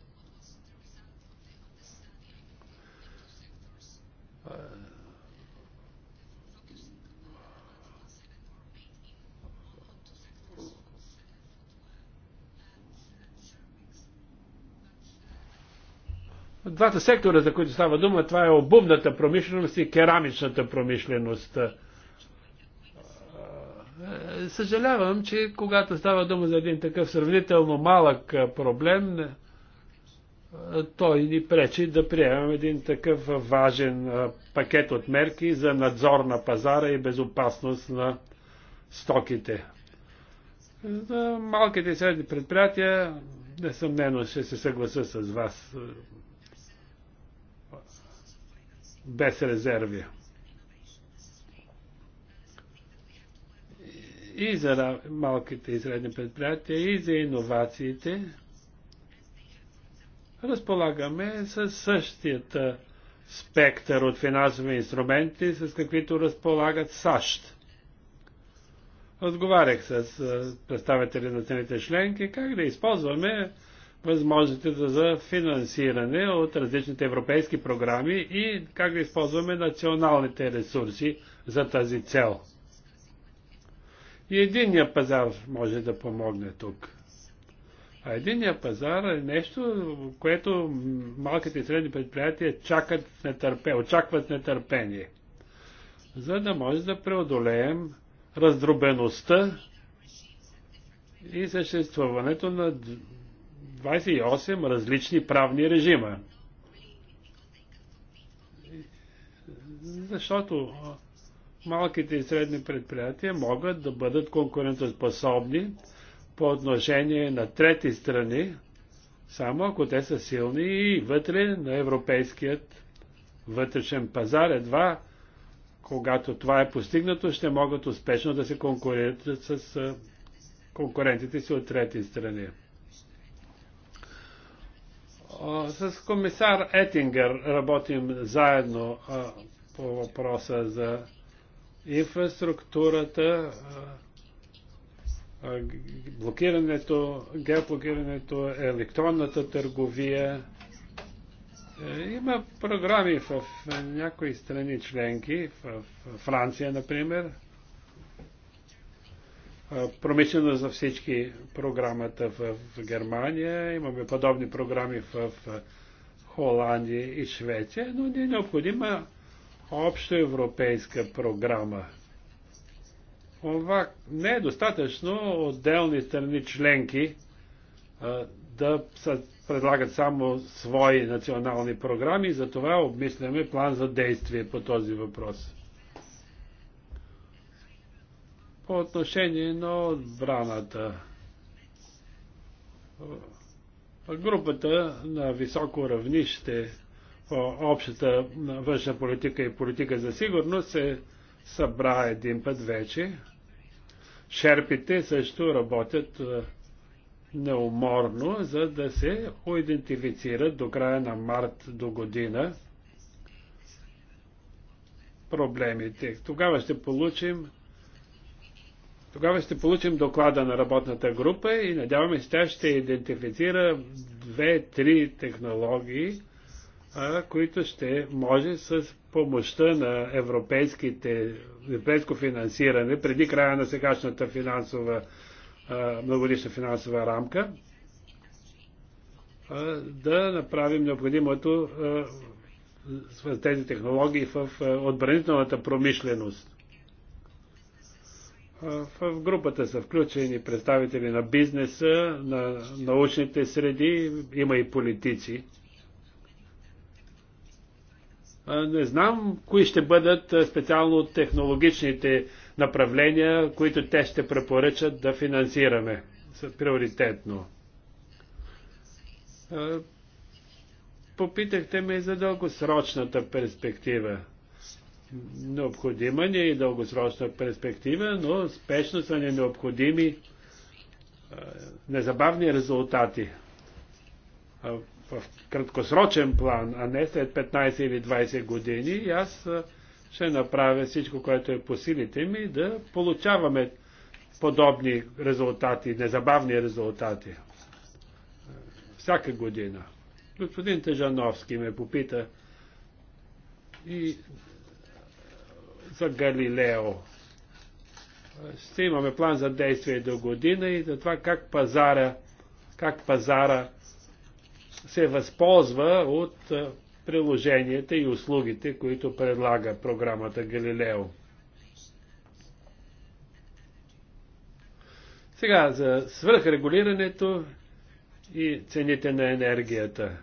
Двата сектора, за които става дума, това е обувната промишленост и керамичната промишленост. Е, съжалявам, че когато става дума за един такъв сравнително малък е, проблем, е, той ни пречи да приемем един такъв важен пакет от мерки за надзор на пазара и безопасност на стоките. За малките и средни предприятия, несъмнено ще се съгласа с вас без резерви. и за малките и средни предприятия, и за иновациите, разполагаме с същият спектър от финансови инструменти, с каквито разполагат САЩ. Разговарях с представители на цените членки как да използваме възможностите за финансиране от различните европейски програми и как да използваме националните ресурси за тази цел. И единия пазар може да помогне тук. А единия пазар е нещо, което малките и средни предприятия чакат с нетърпение, очакват с нетърпение. За да може да преодолеем раздробеността и съществуването на 28 различни правни режима. Защото малките и средни предприятия могат да бъдат конкурентоспособни по отношение на трети страни, само ако те са силни и вътре на европейският вътрешен пазар. Едва когато това е постигнато, ще могат успешно да се конкурират с конкурентите си от трети страни. С комисар Етингер работим заедно по въпроса за инфраструктурата, блокирането, геоблокирането, електронната търговия. Е, има програми в някои страни членки, в Франция, например. Промишлено за всички програмата в Германия. Имаме подобни програми в Холандия и Швеция, но не е необходима общо европейска програма. Това не е достатъчно отделни страни членки да предлагат само свои национални програми затова обмисляме план за действие по този въпрос. По отношение на отбраната. Групата на високо равнище общата външна политика и политика за сигурност се събра един път вече. Шерпите също работят е, неуморно, за да се идентифицират до края на март до година проблемите. Тогава ще получим тогава ще получим доклада на работната група и надяваме се тя ще идентифицира две-три технологии, които ще може с помощта на европейските, европейско финансиране преди края на сегашната финансова, многогодишна финансова рамка, да направим необходимото с тези технологии в отбранителната промишленост. В групата са включени представители на бизнеса, на научните среди, има и политици. Не знам кои ще бъдат специално технологичните направления, които те ще препоръчат да финансираме приоритетно. Попитахте ме за дългосрочната перспектива. Необходима ни е и дългосрочна перспектива, но спешно са ни необходими незабавни резултати в краткосрочен план, а не след 15 или 20 години. И аз ще направя всичко, което е по силите ми, да получаваме подобни резултати, незабавни резултати. Всяка година. Господин Тежановски ме попита и за Галилео. Ще имаме план за действие до година и за това как пазара, как пазара се възползва от приложенията и услугите, които предлага програмата Галилео. Сега за свръхрегулирането и цените на енергията.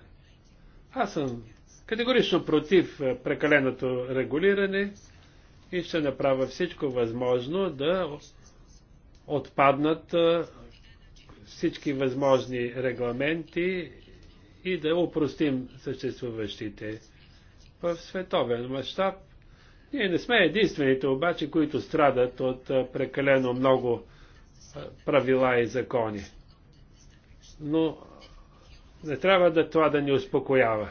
Аз съм категорично против прекаленото регулиране и ще направя всичко възможно да отпаднат всички възможни регламенти и да опростим съществуващите в световен мащаб. Ние не сме единствените обаче, които страдат от прекалено много правила и закони. Но не трябва да това да ни успокоява.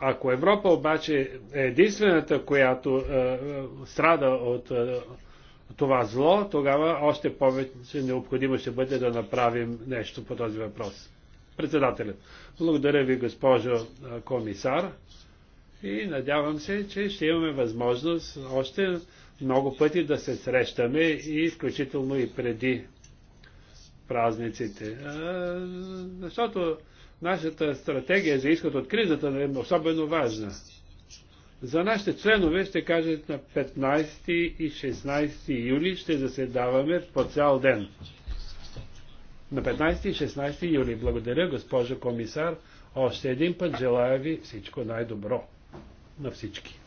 Ако Европа обаче е единствената, която е страда от е, това зло, тогава още повече необходимо ще бъде да направим нещо по този въпрос. Председателят, благодаря ви, госпожо комисар, и надявам се, че ще имаме възможност още много пъти да се срещаме и изключително и преди празниците. Защото нашата стратегия за изход от кризата е особено важна. За нашите членове ще кажат на 15 и 16 юли ще заседаваме по цял ден. На 15 и 16 юли. Благодаря, госпожо комисар. Още един път желая ви всичко най-добро на всички.